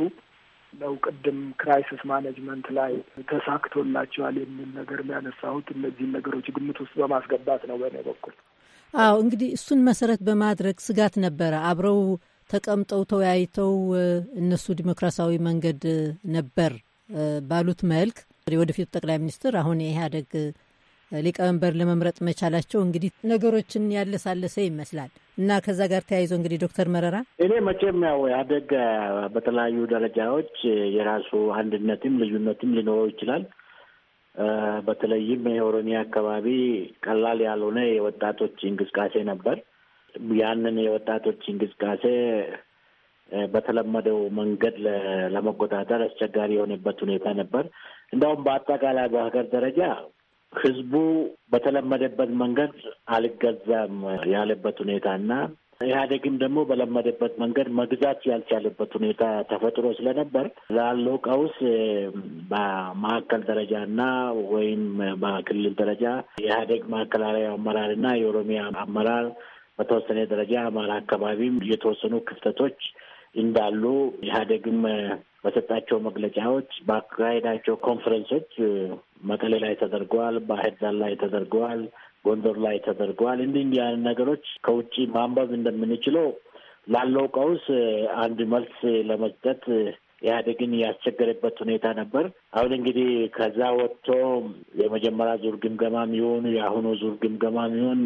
ነው። ቅድም ክራይሲስ ማኔጅመንት ላይ ተሳክቶላቸዋል የሚል ነገር የሚያነሳሁት እነዚህን ነገሮች ግምት ውስጥ በማስገባት ነው በእኔ በኩል። አዎ እንግዲህ እሱን መሰረት በማድረግ ስጋት ነበረ። አብረው ተቀምጠው ተወያይተው እነሱ ዲሞክራሲያዊ መንገድ ነበር ባሉት መልክ ወደፊቱ ጠቅላይ ሚኒስትር አሁን የኢህአደግ ሊቀመንበር ለመምረጥ መቻላቸው እንግዲህ ነገሮችን ያለሳለሰ ይመስላል እና ከዛ ጋር ተያይዞ እንግዲህ ዶክተር መረራ እኔ መቼም ያው ኢህአደግ በተለያዩ ደረጃዎች የራሱ አንድነትም ልዩነትም ሊኖረው ይችላል። በተለይም የኦሮሚያ አካባቢ ቀላል ያልሆነ የወጣቶች እንቅስቃሴ ነበር። ያንን የወጣቶች እንቅስቃሴ በተለመደው መንገድ ለመቆጣጠር አስቸጋሪ የሆነበት ሁኔታ ነበር። እንደውም በአጠቃላይ በሀገር ደረጃ ህዝቡ በተለመደበት መንገድ አልገዛም ያለበት ሁኔታ እና ኢህአዴግም ደግሞ በለመደበት መንገድ መግዛት ያልቻለበት ሁኔታ ተፈጥሮ ስለነበር ላለው ቀውስ በማዕከል እና ወይም በክልል ደረጃ የኢህአዴግ ማዕከላዊ አመራር እና የኦሮሚያ አመራር በተወሰነ ደረጃ አማራ አካባቢም የተወሰኑ ክፍተቶች እንዳሉ ኢህአዴግም በሰጣቸው መግለጫዎች በአካሄዳቸው ኮንፈረንሶች መቀሌ ላይ ተደርገዋል፣ ባህር ዳር ላይ ተደርገዋል፣ ጎንደር ላይ ተደርገዋል። እንዲህ እንዲህ አይነት ነገሮች ከውጭ ማንበብ እንደምንችለው ላለው ቀውስ አንድ መልስ ለመስጠት ኢህአዴግን ያስቸገረበት ሁኔታ ነበር። አሁን እንግዲህ ከዛ ወጥቶ የመጀመሪያ ዙር ግምገማ ይሁን የአሁኑ ዙር ግምገማ የሚሆን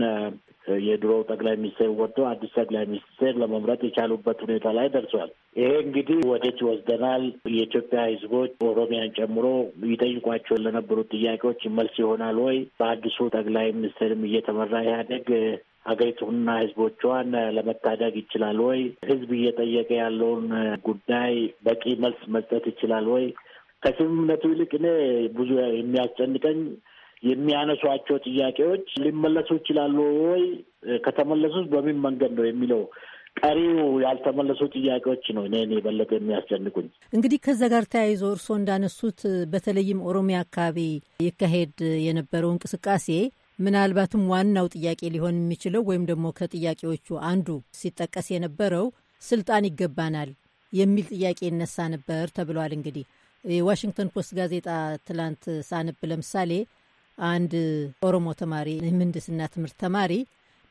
የድሮው ጠቅላይ ሚኒስቴር ወጥቶ አዲስ ጠቅላይ ሚኒስቴር ለመምረጥ የቻሉበት ሁኔታ ላይ ደርሷል። ይሄ እንግዲህ ወዴት ይወስደናል? የኢትዮጵያ ሕዝቦች ኦሮሚያን ጨምሮ ይጠይቋቸው ለነበሩት ጥያቄዎች መልስ ይሆናል ወይ? በአዲሱ ጠቅላይ ሚኒስትርም እየተመራ ኢህአዴግ ሀገሪቱንና ህዝቦቿን ለመታደግ ይችላል ወይ? ህዝብ እየጠየቀ ያለውን ጉዳይ በቂ መልስ መስጠት ይችላል ወይ? ከስምምነቱ ይልቅ እኔ ብዙ የሚያስጨንቀኝ የሚያነሷቸው ጥያቄዎች ሊመለሱ ይችላሉ ወይ፣ ከተመለሱት በምን መንገድ ነው የሚለው ቀሪው ያልተመለሱ ጥያቄዎች ነው እኔን የበለጠ የሚያስጨንቁኝ። እንግዲህ ከዛ ጋር ተያይዞ እርስዎ እንዳነሱት በተለይም ኦሮሚያ አካባቢ ይካሄድ የነበረው እንቅስቃሴ ምናልባትም ዋናው ጥያቄ ሊሆን የሚችለው ወይም ደግሞ ከጥያቄዎቹ አንዱ ሲጠቀስ የነበረው ስልጣን ይገባናል የሚል ጥያቄ ይነሳ ነበር ተብሏል። እንግዲህ የዋሽንግተን ፖስት ጋዜጣ ትላንት ሳንብ ለምሳሌ አንድ ኦሮሞ ተማሪ ምህንድስና ትምህርት ተማሪ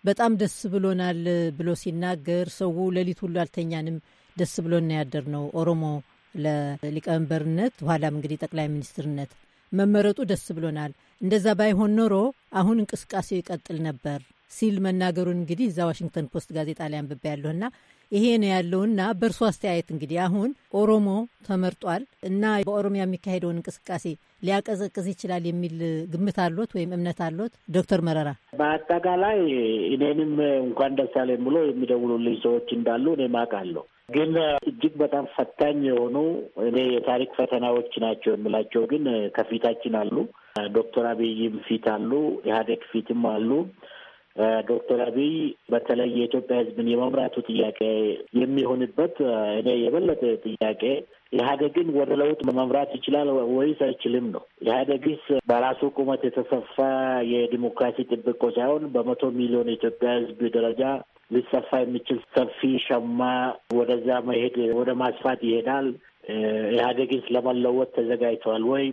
በጣም ደስ ብሎናል ብሎ ሲናገር ሰው ሌሊት ሁሉ አልተኛንም፣ ደስ ብሎና ያደር ነው ኦሮሞ ለሊቀመንበርነት ኋላም እንግዲህ ጠቅላይ ሚኒስትርነት መመረጡ ደስ ብሎናል። እንደዛ ባይሆን ኖሮ አሁን እንቅስቃሴው ይቀጥል ነበር ሲል መናገሩን እንግዲህ እዛ ዋሽንግተን ፖስት ጋዜጣ ላይ አንብቤ ያለሁና ይሄ ነው ያለውና በእርሶ አስተያየት እንግዲህ አሁን ኦሮሞ ተመርጧል እና በኦሮሚያ የሚካሄደውን እንቅስቃሴ ሊያቀዘቅዝ ይችላል የሚል ግምት አሎት ወይም እምነት አሎት ዶክተር መረራ? በአጠቃላይ እኔንም እንኳን ደስ አለኝ ብሎ የሚደውሉልኝ ሰዎች እንዳሉ እኔ ማቃለሁ። ግን እጅግ በጣም ፈታኝ የሆኑ እኔ የታሪክ ፈተናዎች ናቸው የምላቸው ግን ከፊታችን አሉ። ዶክተር አብይም ፊት አሉ፣ ኢህአዴግ ፊትም አሉ። ዶክተር አብይ በተለይ የኢትዮጵያ ሕዝብን የመምራቱ ጥያቄ የሚሆንበት እኔ የበለጠ ጥያቄ ኢህአዴግን ወደ ለውጥ መምራት ይችላል ወይስ አይችልም ነው። ኢህአዴግስ በራሱ ቁመት የተሰፋ የዲሞክራሲ ጥብቆ ሳይሆን በመቶ ሚሊዮን የኢትዮጵያ ህዝብ ደረጃ ሊሰፋ የሚችል ሰፊ ሸማ ወደዛ መሄድ ወደ ማስፋት ይሄዳል። ኢህአዴግስ ለመለወጥ ተዘጋጅተዋል ወይ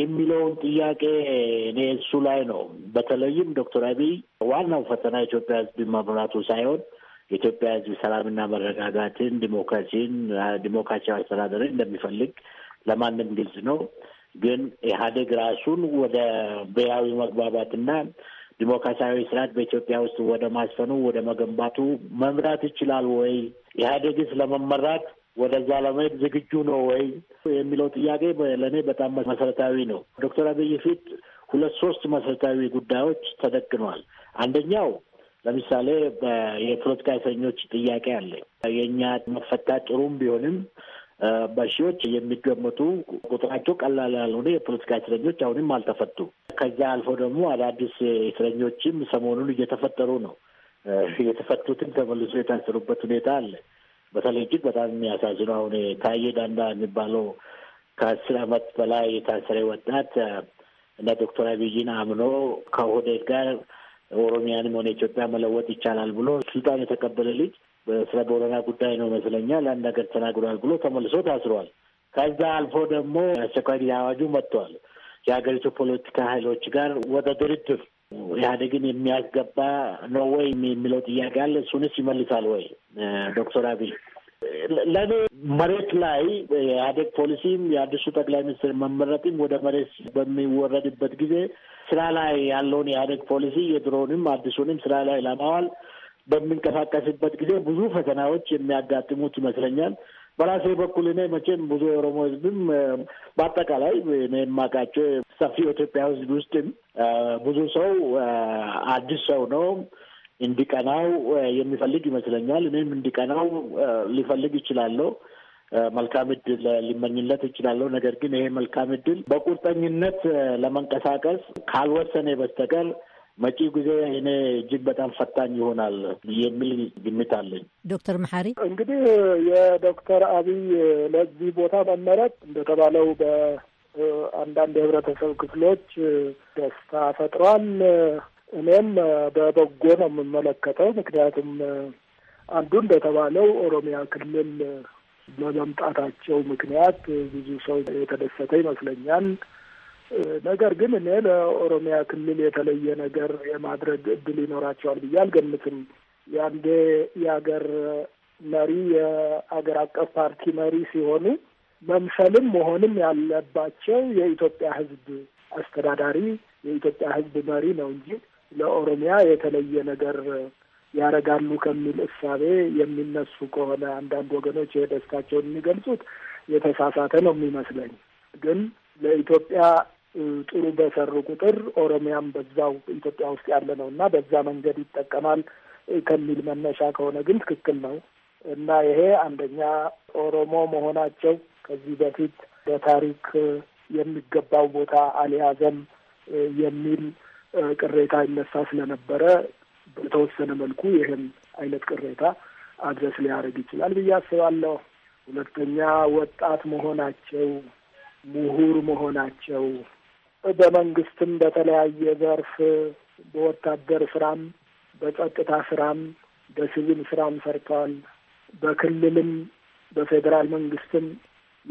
የሚለውን ጥያቄ እኔ እሱ ላይ ነው። በተለይም ዶክተር አብይ ዋናው ፈተና ኢትዮጵያ ህዝብ መምራቱ ሳይሆን የኢትዮጵያ ሕዝብ ሰላምና መረጋጋትን፣ ዲሞክራሲን፣ ዲሞክራሲያዊ አስተዳደርን እንደሚፈልግ ለማንም ግልጽ ነው። ግን ኢህአዴግ ራሱን ወደ ብሔራዊ መግባባትና ዲሞክራሲያዊ ስርዓት በኢትዮጵያ ውስጥ ወደ ማስፈኑ ወደ መገንባቱ መምራት ይችላል ወይ? ኢህአዴግስ ለመመራት ወደዛ ለመሄድ ዝግጁ ነው ወይ የሚለው ጥያቄ ለእኔ በጣም መሰረታዊ ነው። ዶክተር አብይ ፊት ሁለት ሶስት መሰረታዊ ጉዳዮች ተደቅኗል። አንደኛው ለምሳሌ የፖለቲካ እስረኞች ጥያቄ አለ። የእኛ መፈታት ጥሩም ቢሆንም በሺዎች የሚገመቱ ቁጥራቸው ቀላል ያልሆነ የፖለቲካ እስረኞች አሁንም አልተፈቱ። ከዛ አልፎ ደግሞ አዳዲስ እስረኞችም ሰሞኑን እየተፈጠሩ ነው። የተፈቱትን ተመልሶ የታሰሩበት ሁኔታ አለ። በተለይ እጅግ በጣም የሚያሳዝነው አሁን ታዬ ዳንዳ የሚባለው ከአስር ዓመት በላይ የታሰረ ወጣት እና ዶክተር አብይን አምኖ ከኦህዴድ ጋር ኦሮሚያንም ሆነ ኢትዮጵያ መለወጥ ይቻላል ብሎ ስልጣን የተቀበለ ልጅ በስለ ቦረና ጉዳይ ነው መስለኛ ለአንድ ነገር ተናግሯል ብሎ ተመልሶ ታስሯል። ከዛ አልፎ ደግሞ አስቸኳይ ጊዜ አዋጁ መጥቷል። የሀገሪቱ ፖለቲካ ኃይሎች ጋር ወደ ድርድር ኢህአዴግን የሚያስገባ ነው ወይ የሚለው ጥያቄ አለ። እሱንስ ይመልሳል ወይ ዶክተር አብይ? ለእኔ መሬት ላይ የኢህአዴግ ፖሊሲም የአዲሱ ጠቅላይ ሚኒስትር መመረጥም ወደ መሬት በሚወረድበት ጊዜ ስራ ላይ ያለውን የኢህአዴግ ፖሊሲ የድሮውንም አዲሱንም ስራ ላይ ለማዋል በምንቀሳቀስበት ጊዜ ብዙ ፈተናዎች የሚያጋጥሙት ይመስለኛል። በራሴ በኩል እኔ መቼም ብዙ የኦሮሞ ህዝብም በአጠቃላይ እኔ የማውቃቸው ሰፊ የኢትዮጵያ ህዝብ ውስጥም ብዙ ሰው አዲስ ሰው ነው እንዲቀናው የሚፈልግ ይመስለኛል። እኔም እንዲቀናው ሊፈልግ ይችላለሁ። መልካም እድል ሊመኝለት እችላለሁ ነገር ግን ይሄ መልካም እድል በቁርጠኝነት ለመንቀሳቀስ ካልወሰነ በስተቀር መጪ ጊዜ እኔ እጅግ በጣም ፈታኝ ይሆናል የሚል ግምት አለኝ። ዶክተር መሐሪ እንግዲህ የዶክተር አብይ ለዚህ ቦታ መመረጥ እንደተባለው በአንዳንድ የህብረተሰብ ክፍሎች ደስታ ፈጥሯል። እኔም በበጎ ነው የምመለከተው። ምክንያቱም አንዱ እንደተባለው ኦሮሚያ ክልል በመምጣታቸው ምክንያት ብዙ ሰው የተደሰተ ይመስለኛል። ነገር ግን እኔ ለኦሮሚያ ክልል የተለየ ነገር የማድረግ እድል ይኖራቸዋል ብዬ አልገምትም። የአንዴ የሀገር መሪ የአገር አቀፍ ፓርቲ መሪ ሲሆኑ መምሰልም መሆንም ያለባቸው የኢትዮጵያ ሕዝብ አስተዳዳሪ የኢትዮጵያ ሕዝብ መሪ ነው እንጂ ለኦሮሚያ የተለየ ነገር ያደርጋሉ ከሚል እሳቤ የሚነሱ ከሆነ አንዳንድ ወገኖች የደስታቸውን የሚገልጹት የተሳሳተ ነው የሚመስለኝ። ግን ለኢትዮጵያ ጥሩ በሰሩ ቁጥር ኦሮሚያም በዛው ኢትዮጵያ ውስጥ ያለ ነው እና በዛ መንገድ ይጠቀማል ከሚል መነሻ ከሆነ ግን ትክክል ነው እና ይሄ አንደኛ ኦሮሞ መሆናቸው ከዚህ በፊት በታሪክ የሚገባው ቦታ አልያዘም የሚል ቅሬታ ይነሳ ስለነበረ በተወሰነ መልኩ ይህም አይነት ቅሬታ አድረስ ሊያደርግ ይችላል ብዬ አስባለሁ። ሁለተኛ ወጣት መሆናቸው፣ ምሁር መሆናቸው በመንግስትም በተለያየ ዘርፍ በወታደር ስራም፣ በጸጥታ ስራም፣ በሲቪል ስራም ሰርተዋል። በክልልም በፌዴራል መንግስትም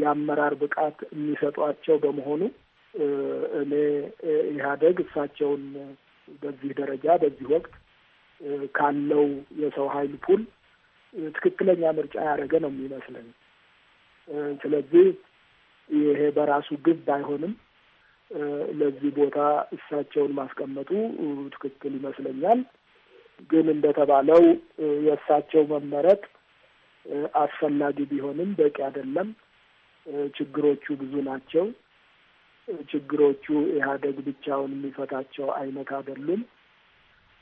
የአመራር ብቃት የሚሰጧቸው በመሆኑ እኔ ኢህአዴግ እሳቸውን በዚህ ደረጃ በዚህ ወቅት ካለው የሰው ኃይል ፑል ትክክለኛ ምርጫ ያደረገ ነው የሚመስለኝ። ስለዚህ ይሄ በራሱ ግብ ባይሆንም ለዚህ ቦታ እሳቸውን ማስቀመጡ ትክክል ይመስለኛል። ግን እንደተባለው የእሳቸው መመረጥ አስፈላጊ ቢሆንም በቂ አይደለም። ችግሮቹ ብዙ ናቸው። ችግሮቹ ኢህአዴግ ብቻውን የሚፈታቸው አይነት አይደሉም።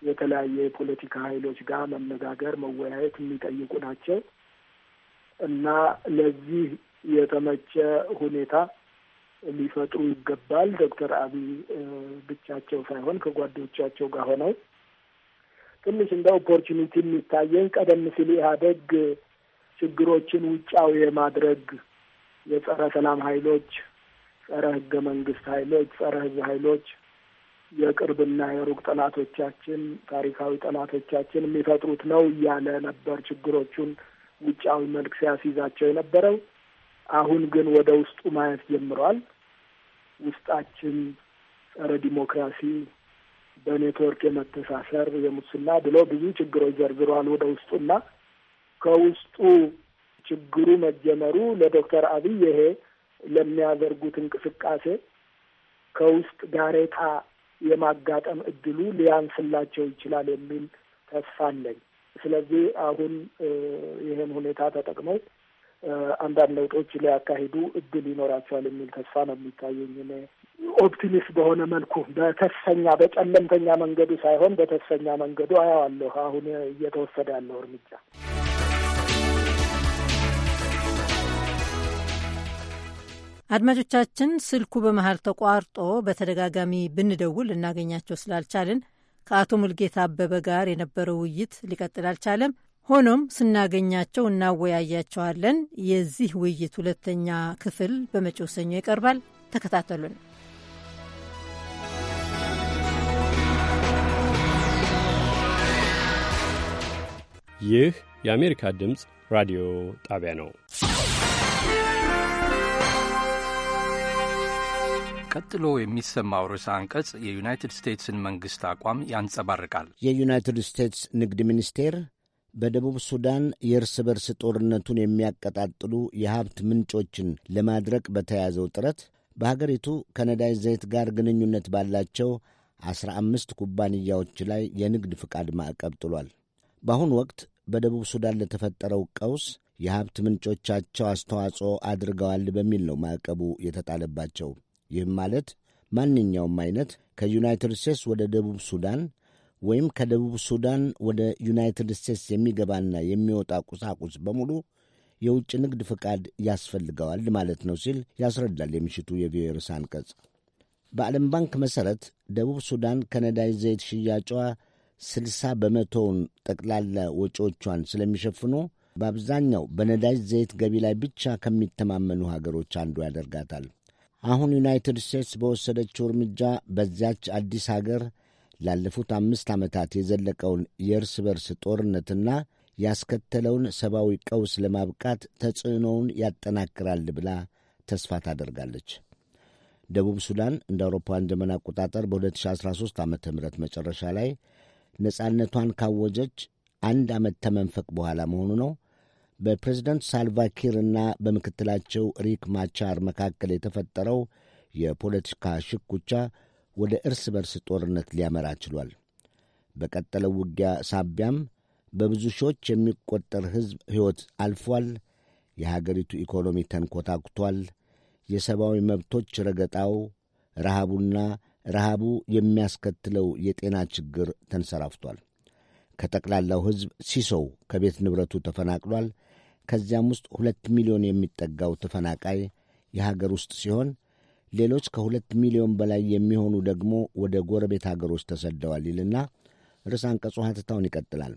የተለያየ የፖለቲካ ኃይሎች ጋር መነጋገር፣ መወያየት የሚጠይቁ ናቸው እና ለዚህ የተመቸ ሁኔታ ሊፈጥሩ ይገባል። ዶክተር አብይ ብቻቸው ሳይሆን ከጓዶቻቸው ጋር ሆነው ትንሽ እንደ ኦፖርቹኒቲ የሚታየኝ ቀደም ሲል ኢህአደግ ችግሮችን ውጫዊ የማድረግ የጸረ ሰላም ኃይሎች፣ ጸረ ህገ መንግስት ኃይሎች፣ ጸረ ህዝብ ኃይሎች የቅርብና የሩቅ ጠላቶቻችን፣ ታሪካዊ ጠላቶቻችን የሚፈጥሩት ነው እያለ ነበር ችግሮቹን ውጫዊ መልክ ሲያስይዛቸው የነበረው። አሁን ግን ወደ ውስጡ ማየት ጀምሯል። ውስጣችን ጸረ ዲሞክራሲ፣ በኔትወርክ የመተሳሰር፣ የሙስና ብሎ ብዙ ችግሮች ዘርዝሯል ወደ ውስጡና ከውስጡ ችግሩ መጀመሩ ለዶክተር አብይ ይሄ ለሚያደርጉት እንቅስቃሴ ከውስጥ ጋሬታ የማጋጠም እድሉ ሊያንስላቸው ይችላል የሚል ተስፋ አለኝ። ስለዚህ አሁን ይህን ሁኔታ ተጠቅመው አንዳንድ ለውጦች ሊያካሂዱ እድል ይኖራቸዋል የሚል ተስፋ ነው የሚታየኝ። ኦፕቲሚስት በሆነ መልኩ በተስፈኛ በጨለምተኛ መንገዱ ሳይሆን በተስፈኛ መንገዱ አያዋለሁ አሁን እየተወሰደ ያለው እርምጃ አድማጮቻችን፣ ስልኩ በመሀል ተቋርጦ በተደጋጋሚ ብንደውል እናገኛቸው ስላልቻልን ከአቶ ሙልጌታ አበበ ጋር የነበረው ውይይት ሊቀጥል አልቻለም። ሆኖም ስናገኛቸው እናወያያቸዋለን። የዚህ ውይይት ሁለተኛ ክፍል በመጪው ሰኞ ይቀርባል። ተከታተሉን። ይህ የአሜሪካ ድምፅ ራዲዮ ጣቢያ ነው። ቀጥሎ የሚሰማው ርዕሰ አንቀጽ የዩናይትድ ስቴትስን መንግሥት አቋም ያንጸባርቃል። የዩናይትድ ስቴትስ ንግድ ሚኒስቴር በደቡብ ሱዳን የእርስ በርስ ጦርነቱን የሚያቀጣጥሉ የሀብት ምንጮችን ለማድረቅ በተያዘው ጥረት በሀገሪቱ ከነዳጅ ዘይት ጋር ግንኙነት ባላቸው አስራ አምስት ኩባንያዎች ላይ የንግድ ፍቃድ ማዕቀብ ጥሏል። በአሁኑ ወቅት በደቡብ ሱዳን ለተፈጠረው ቀውስ የሀብት ምንጮቻቸው አስተዋጽኦ አድርገዋል በሚል ነው ማዕቀቡ የተጣለባቸው። ይህም ማለት ማንኛውም አይነት ከዩናይትድ ስቴትስ ወደ ደቡብ ሱዳን ወይም ከደቡብ ሱዳን ወደ ዩናይትድ ስቴትስ የሚገባና የሚወጣ ቁሳቁስ በሙሉ የውጭ ንግድ ፍቃድ ያስፈልገዋል ማለት ነው ሲል ያስረዳል የምሽቱ የቪኦኤ ርዕሰ አንቀጽ። በዓለም ባንክ መሠረት ደቡብ ሱዳን ከነዳጅ ዘይት ሽያጯ 60 በመቶውን ጠቅላላ ወጪዎቿን ስለሚሸፍኑ በአብዛኛው በነዳጅ ዘይት ገቢ ላይ ብቻ ከሚተማመኑ ሀገሮች አንዱ ያደርጋታል። አሁን ዩናይትድ ስቴትስ በወሰደችው እርምጃ በዚያች አዲስ አገር ላለፉት አምስት ዓመታት የዘለቀውን የእርስ በርስ ጦርነትና ያስከተለውን ሰብአዊ ቀውስ ለማብቃት ተጽዕኖውን ያጠናክራል ብላ ተስፋ ታደርጋለች። ደቡብ ሱዳን እንደ አውሮፓውያን ዘመን አቆጣጠር በ2013 ዓ ም መጨረሻ ላይ ነጻነቷን ካወጀች አንድ ዓመት ተመንፈቅ በኋላ መሆኑ ነው። በፕሬዝደንት ሳልቫኪር እና በምክትላቸው ሪክ ማቻር መካከል የተፈጠረው የፖለቲካ ሽኩቻ ወደ እርስ በርስ ጦርነት ሊያመራ ችሏል። በቀጠለው ውጊያ ሳቢያም በብዙ ሺዎች የሚቆጠር ሕዝብ ሕይወት አልፏል። የሀገሪቱ ኢኮኖሚ ተንኮታኩቷል። የሰብአዊ መብቶች ረገጣው፣ ረሃቡና ረሃቡ የሚያስከትለው የጤና ችግር ተንሰራፍቷል። ከጠቅላላው ሕዝብ ሲሶው ከቤት ንብረቱ ተፈናቅሏል። ከዚያም ውስጥ ሁለት ሚሊዮን የሚጠጋው ተፈናቃይ የሀገር ውስጥ ሲሆን ሌሎች ከሁለት ሚሊዮን በላይ የሚሆኑ ደግሞ ወደ ጎረቤት ሀገሮች ተሰደዋል ይልና ርዕስ አንቀጹ ሐተታውን ይቀጥላል።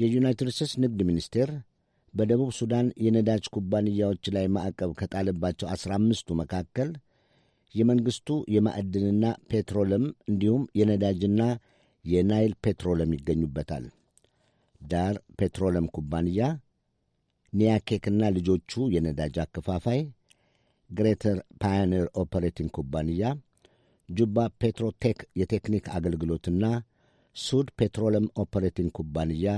የዩናይትድ ስቴትስ ንግድ ሚኒስቴር በደቡብ ሱዳን የነዳጅ ኩባንያዎች ላይ ማዕቀብ ከጣለባቸው አስራ አምስቱ መካከል የመንግሥቱ የማዕድንና ፔትሮለም እንዲሁም የነዳጅና የናይል ፔትሮለም ይገኙበታል። ዳር ፔትሮለም ኩባንያ ኒያኬክና ልጆቹ የነዳጅ አከፋፋይ፣ ግሬተር ፓዮኒር ኦፐሬቲንግ ኩባንያ፣ ጁባ ፔትሮቴክ የቴክኒክ አገልግሎትና ሱድ ፔትሮለም ኦፐሬቲንግ ኩባንያ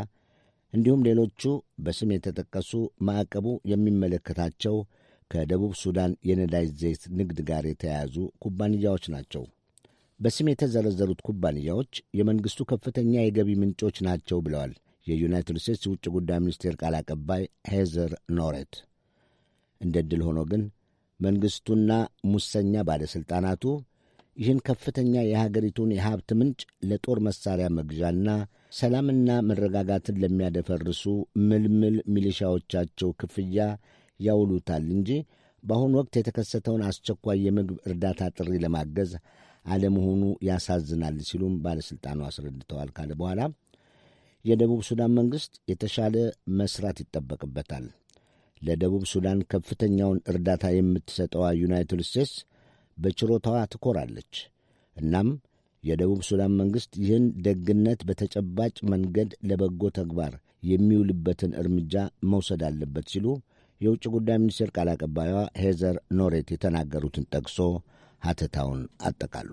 እንዲሁም ሌሎቹ በስም የተጠቀሱ ማዕቀቡ የሚመለከታቸው ከደቡብ ሱዳን የነዳጅ ዘይት ንግድ ጋር የተያያዙ ኩባንያዎች ናቸው። በስም የተዘረዘሩት ኩባንያዎች የመንግሥቱ ከፍተኛ የገቢ ምንጮች ናቸው ብለዋል የዩናይትድ ስቴትስ ውጭ ጉዳይ ሚኒስቴር ቃል አቀባይ ሄዘር ኖሬት። እንደ ድል ሆኖ ግን መንግሥቱና ሙሰኛ ባለሥልጣናቱ ይህን ከፍተኛ የሀገሪቱን የሀብት ምንጭ ለጦር መሣሪያ መግዣና ሰላምና መረጋጋትን ለሚያደፈርሱ ምልምል ሚሊሻዎቻቸው ክፍያ ያውሉታል እንጂ በአሁኑ ወቅት የተከሰተውን አስቸኳይ የምግብ እርዳታ ጥሪ ለማገዝ አለመሆኑ ያሳዝናል ሲሉም ባለሥልጣኑ አስረድተዋል ካለ በኋላ የደቡብ ሱዳን መንግሥት የተሻለ መስራት ይጠበቅበታል። ለደቡብ ሱዳን ከፍተኛውን እርዳታ የምትሰጠዋ ዩናይትድ ስቴትስ በችሮታዋ ትኮራለች። እናም የደቡብ ሱዳን መንግሥት ይህን ደግነት በተጨባጭ መንገድ ለበጎ ተግባር የሚውልበትን እርምጃ መውሰድ አለበት ሲሉ የውጭ ጉዳይ ሚኒስቴር ቃል አቀባይዋ ሄዘር ኖሬት የተናገሩትን ጠቅሶ ሀተታውን አጠቃሉ።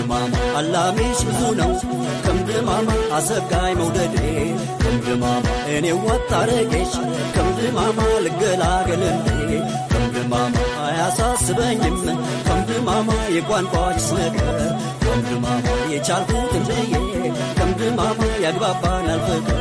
ደምድማን አላሚሽ ብዙ ነው ከምድማማ አሰጋይ መውደዴ ከምድማማ እኔ ወጣረጌሽ ከምድማማ ልገላገልንዴ ከምድማማ አያሳስበኝም ከምድማማ የቋንቋችስ ነገር ከምድማማ የቻልኩትን ብዬ ከምድማማ ያግባባናል ፍቅር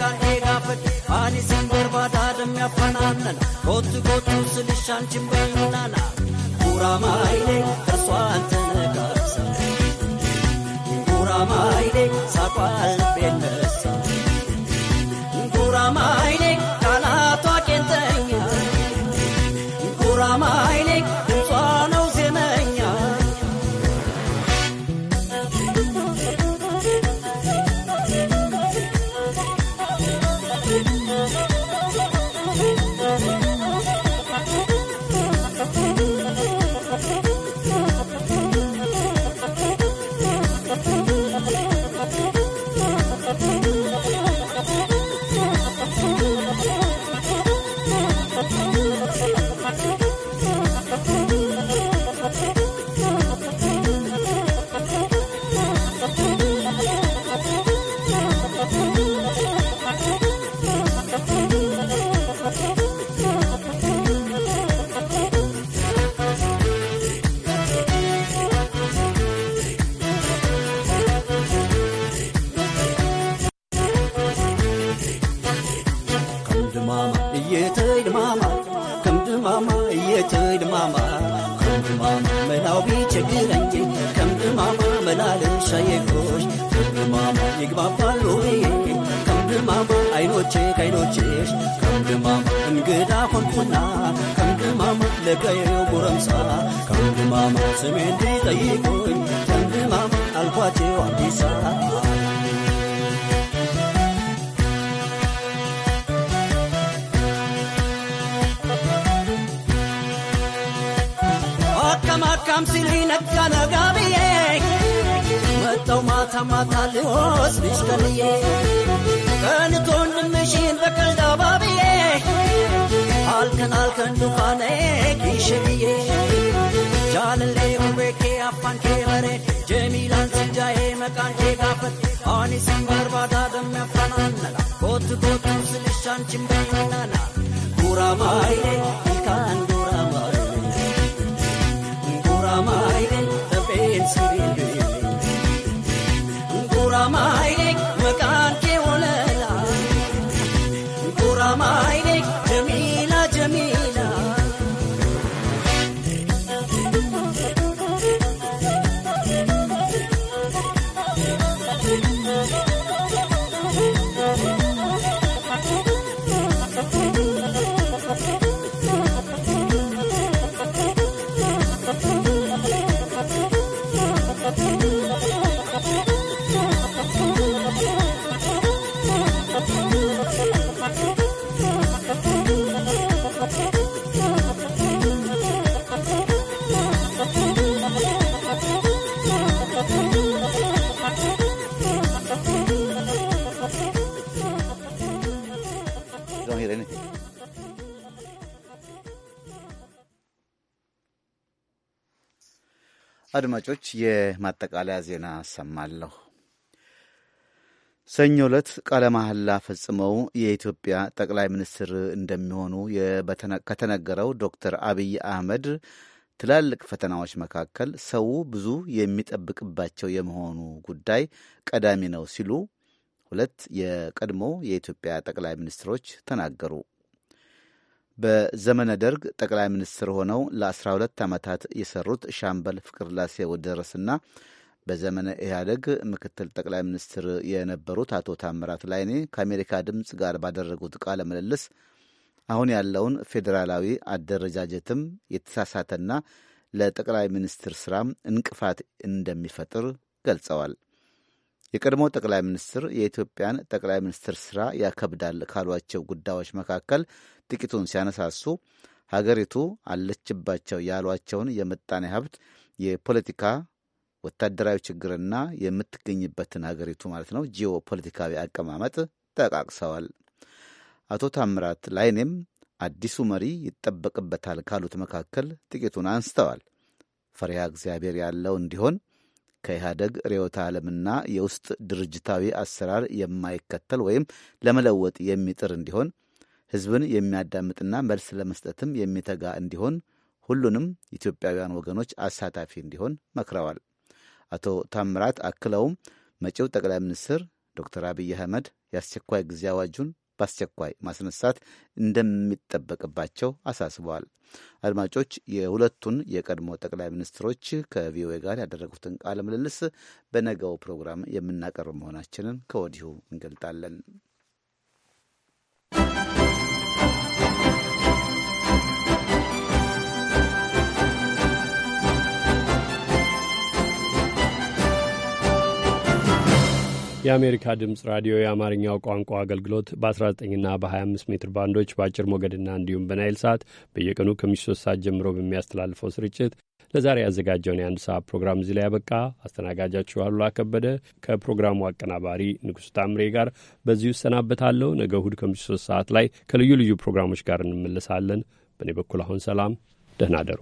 kaa'ee gaafadhe ani sin barbaada dammi afanaannan kootti kootti silishaan cimbeeyinaana bu'uuraamaa ilee taswaan tanagaasa bu'uuraamaa ilee saaqaa albeen nasa bu'uuraamaa ilee. kainoche kainoche kan gumama ingidaa kolfunaa kan gumama lagayoo muramsaa kam gumama simeentii xayyikoo kan gumama alfaatee waambisaa. Kamsilee nagaa nagaa biyyee mataa mataa mataa leewoos bishaan biyyee. Kan tolni meeshaan bakka gabaa biyyee halkan halkan dukaanee keeshe biyyee jaalallee hubeekee afaan kee baree jeemilaan sinjaa'ee maqaan kee gaafate ani sin barbaadaa dammi afaan aannan kootu kootu silishaan cimbaynaan guuramaa ilkaan guuramaa guuramaa. አድማጮች የማጠቃለያ ዜና አሰማለሁ። ሰኞ ዕለት ቃለ መሐላ ፈጽመው የኢትዮጵያ ጠቅላይ ሚኒስትር እንደሚሆኑ ከተነገረው ዶክተር አብይ አህመድ ትላልቅ ፈተናዎች መካከል ሰው ብዙ የሚጠብቅባቸው የመሆኑ ጉዳይ ቀዳሚ ነው ሲሉ ሁለት የቀድሞ የኢትዮጵያ ጠቅላይ ሚኒስትሮች ተናገሩ። በዘመነ ደርግ ጠቅላይ ሚኒስትር ሆነው ለ12 ዓመታት የሰሩት ሻምበል ፍቅርላሴ ወደረስና በዘመነ ኢህአደግ ምክትል ጠቅላይ ሚኒስትር የነበሩት አቶ ታምራት ላይኔ ከአሜሪካ ድምፅ ጋር ባደረጉት ቃለ ምልልስ አሁን ያለውን ፌዴራላዊ አደረጃጀትም የተሳሳተና ለጠቅላይ ሚኒስትር ስራም እንቅፋት እንደሚፈጥር ገልጸዋል። የቀድሞ ጠቅላይ ሚኒስትር የኢትዮጵያን ጠቅላይ ሚኒስትር ስራ ያከብዳል ካሏቸው ጉዳዮች መካከል ጥቂቱን ሲያነሳሱ ሀገሪቱ አለችባቸው ያሏቸውን የምጣኔ ሀብት፣ የፖለቲካ፣ ወታደራዊ ችግርና የምትገኝበትን ሀገሪቱ ማለት ነው ጂኦ ፖለቲካዊ አቀማመጥ ጠቃቅሰዋል። አቶ ታምራት ላይኔም አዲሱ መሪ ይጠበቅበታል ካሉት መካከል ጥቂቱን አንስተዋል። ፈሪሃ እግዚአብሔር ያለው እንዲሆን ከኢህአደግ ርዕዮተ ዓለምና የውስጥ ድርጅታዊ አሰራር የማይከተል ወይም ለመለወጥ የሚጥር እንዲሆን ሕዝብን የሚያዳምጥና መልስ ለመስጠትም የሚተጋ እንዲሆን ሁሉንም ኢትዮጵያውያን ወገኖች አሳታፊ እንዲሆን መክረዋል። አቶ ታምራት አክለውም መጪው ጠቅላይ ሚኒስትር ዶክተር አብይ አህመድ የአስቸኳይ ጊዜ አዋጁን በአስቸኳይ ማስነሳት እንደሚጠበቅባቸው አሳስበዋል። አድማጮች፣ የሁለቱን የቀድሞ ጠቅላይ ሚኒስትሮች ከቪኦኤ ጋር ያደረጉትን ቃለ ምልልስ በነገው ፕሮግራም የምናቀርብ መሆናችንን ከወዲሁ እንገልጣለን። የአሜሪካ ድምፅ ራዲዮ የአማርኛው ቋንቋ አገልግሎት በ19ና በ25 ሜትር ባንዶች በአጭር ሞገድና እንዲሁም በናይል ሰዓት በየቀኑ ከምሽቱ ሶስት ሰዓት ጀምሮ በሚያስተላልፈው ስርጭት ለዛሬ ያዘጋጀውን የአንድ ሰዓት ፕሮግራም እዚህ ላይ ያበቃ። አስተናጋጃችሁ አሉላ ከበደ ከፕሮግራሙ አቀናባሪ ንጉሥ ታምሬ ጋር በዚሁ እሰናበታለሁ። ነገ እሁድ ከምሽቱ ሶስት ሰዓት ላይ ከልዩ ልዩ ፕሮግራሞች ጋር እንመለሳለን። በእኔ በኩል አሁን ሰላም፣ ደህና ደሩ።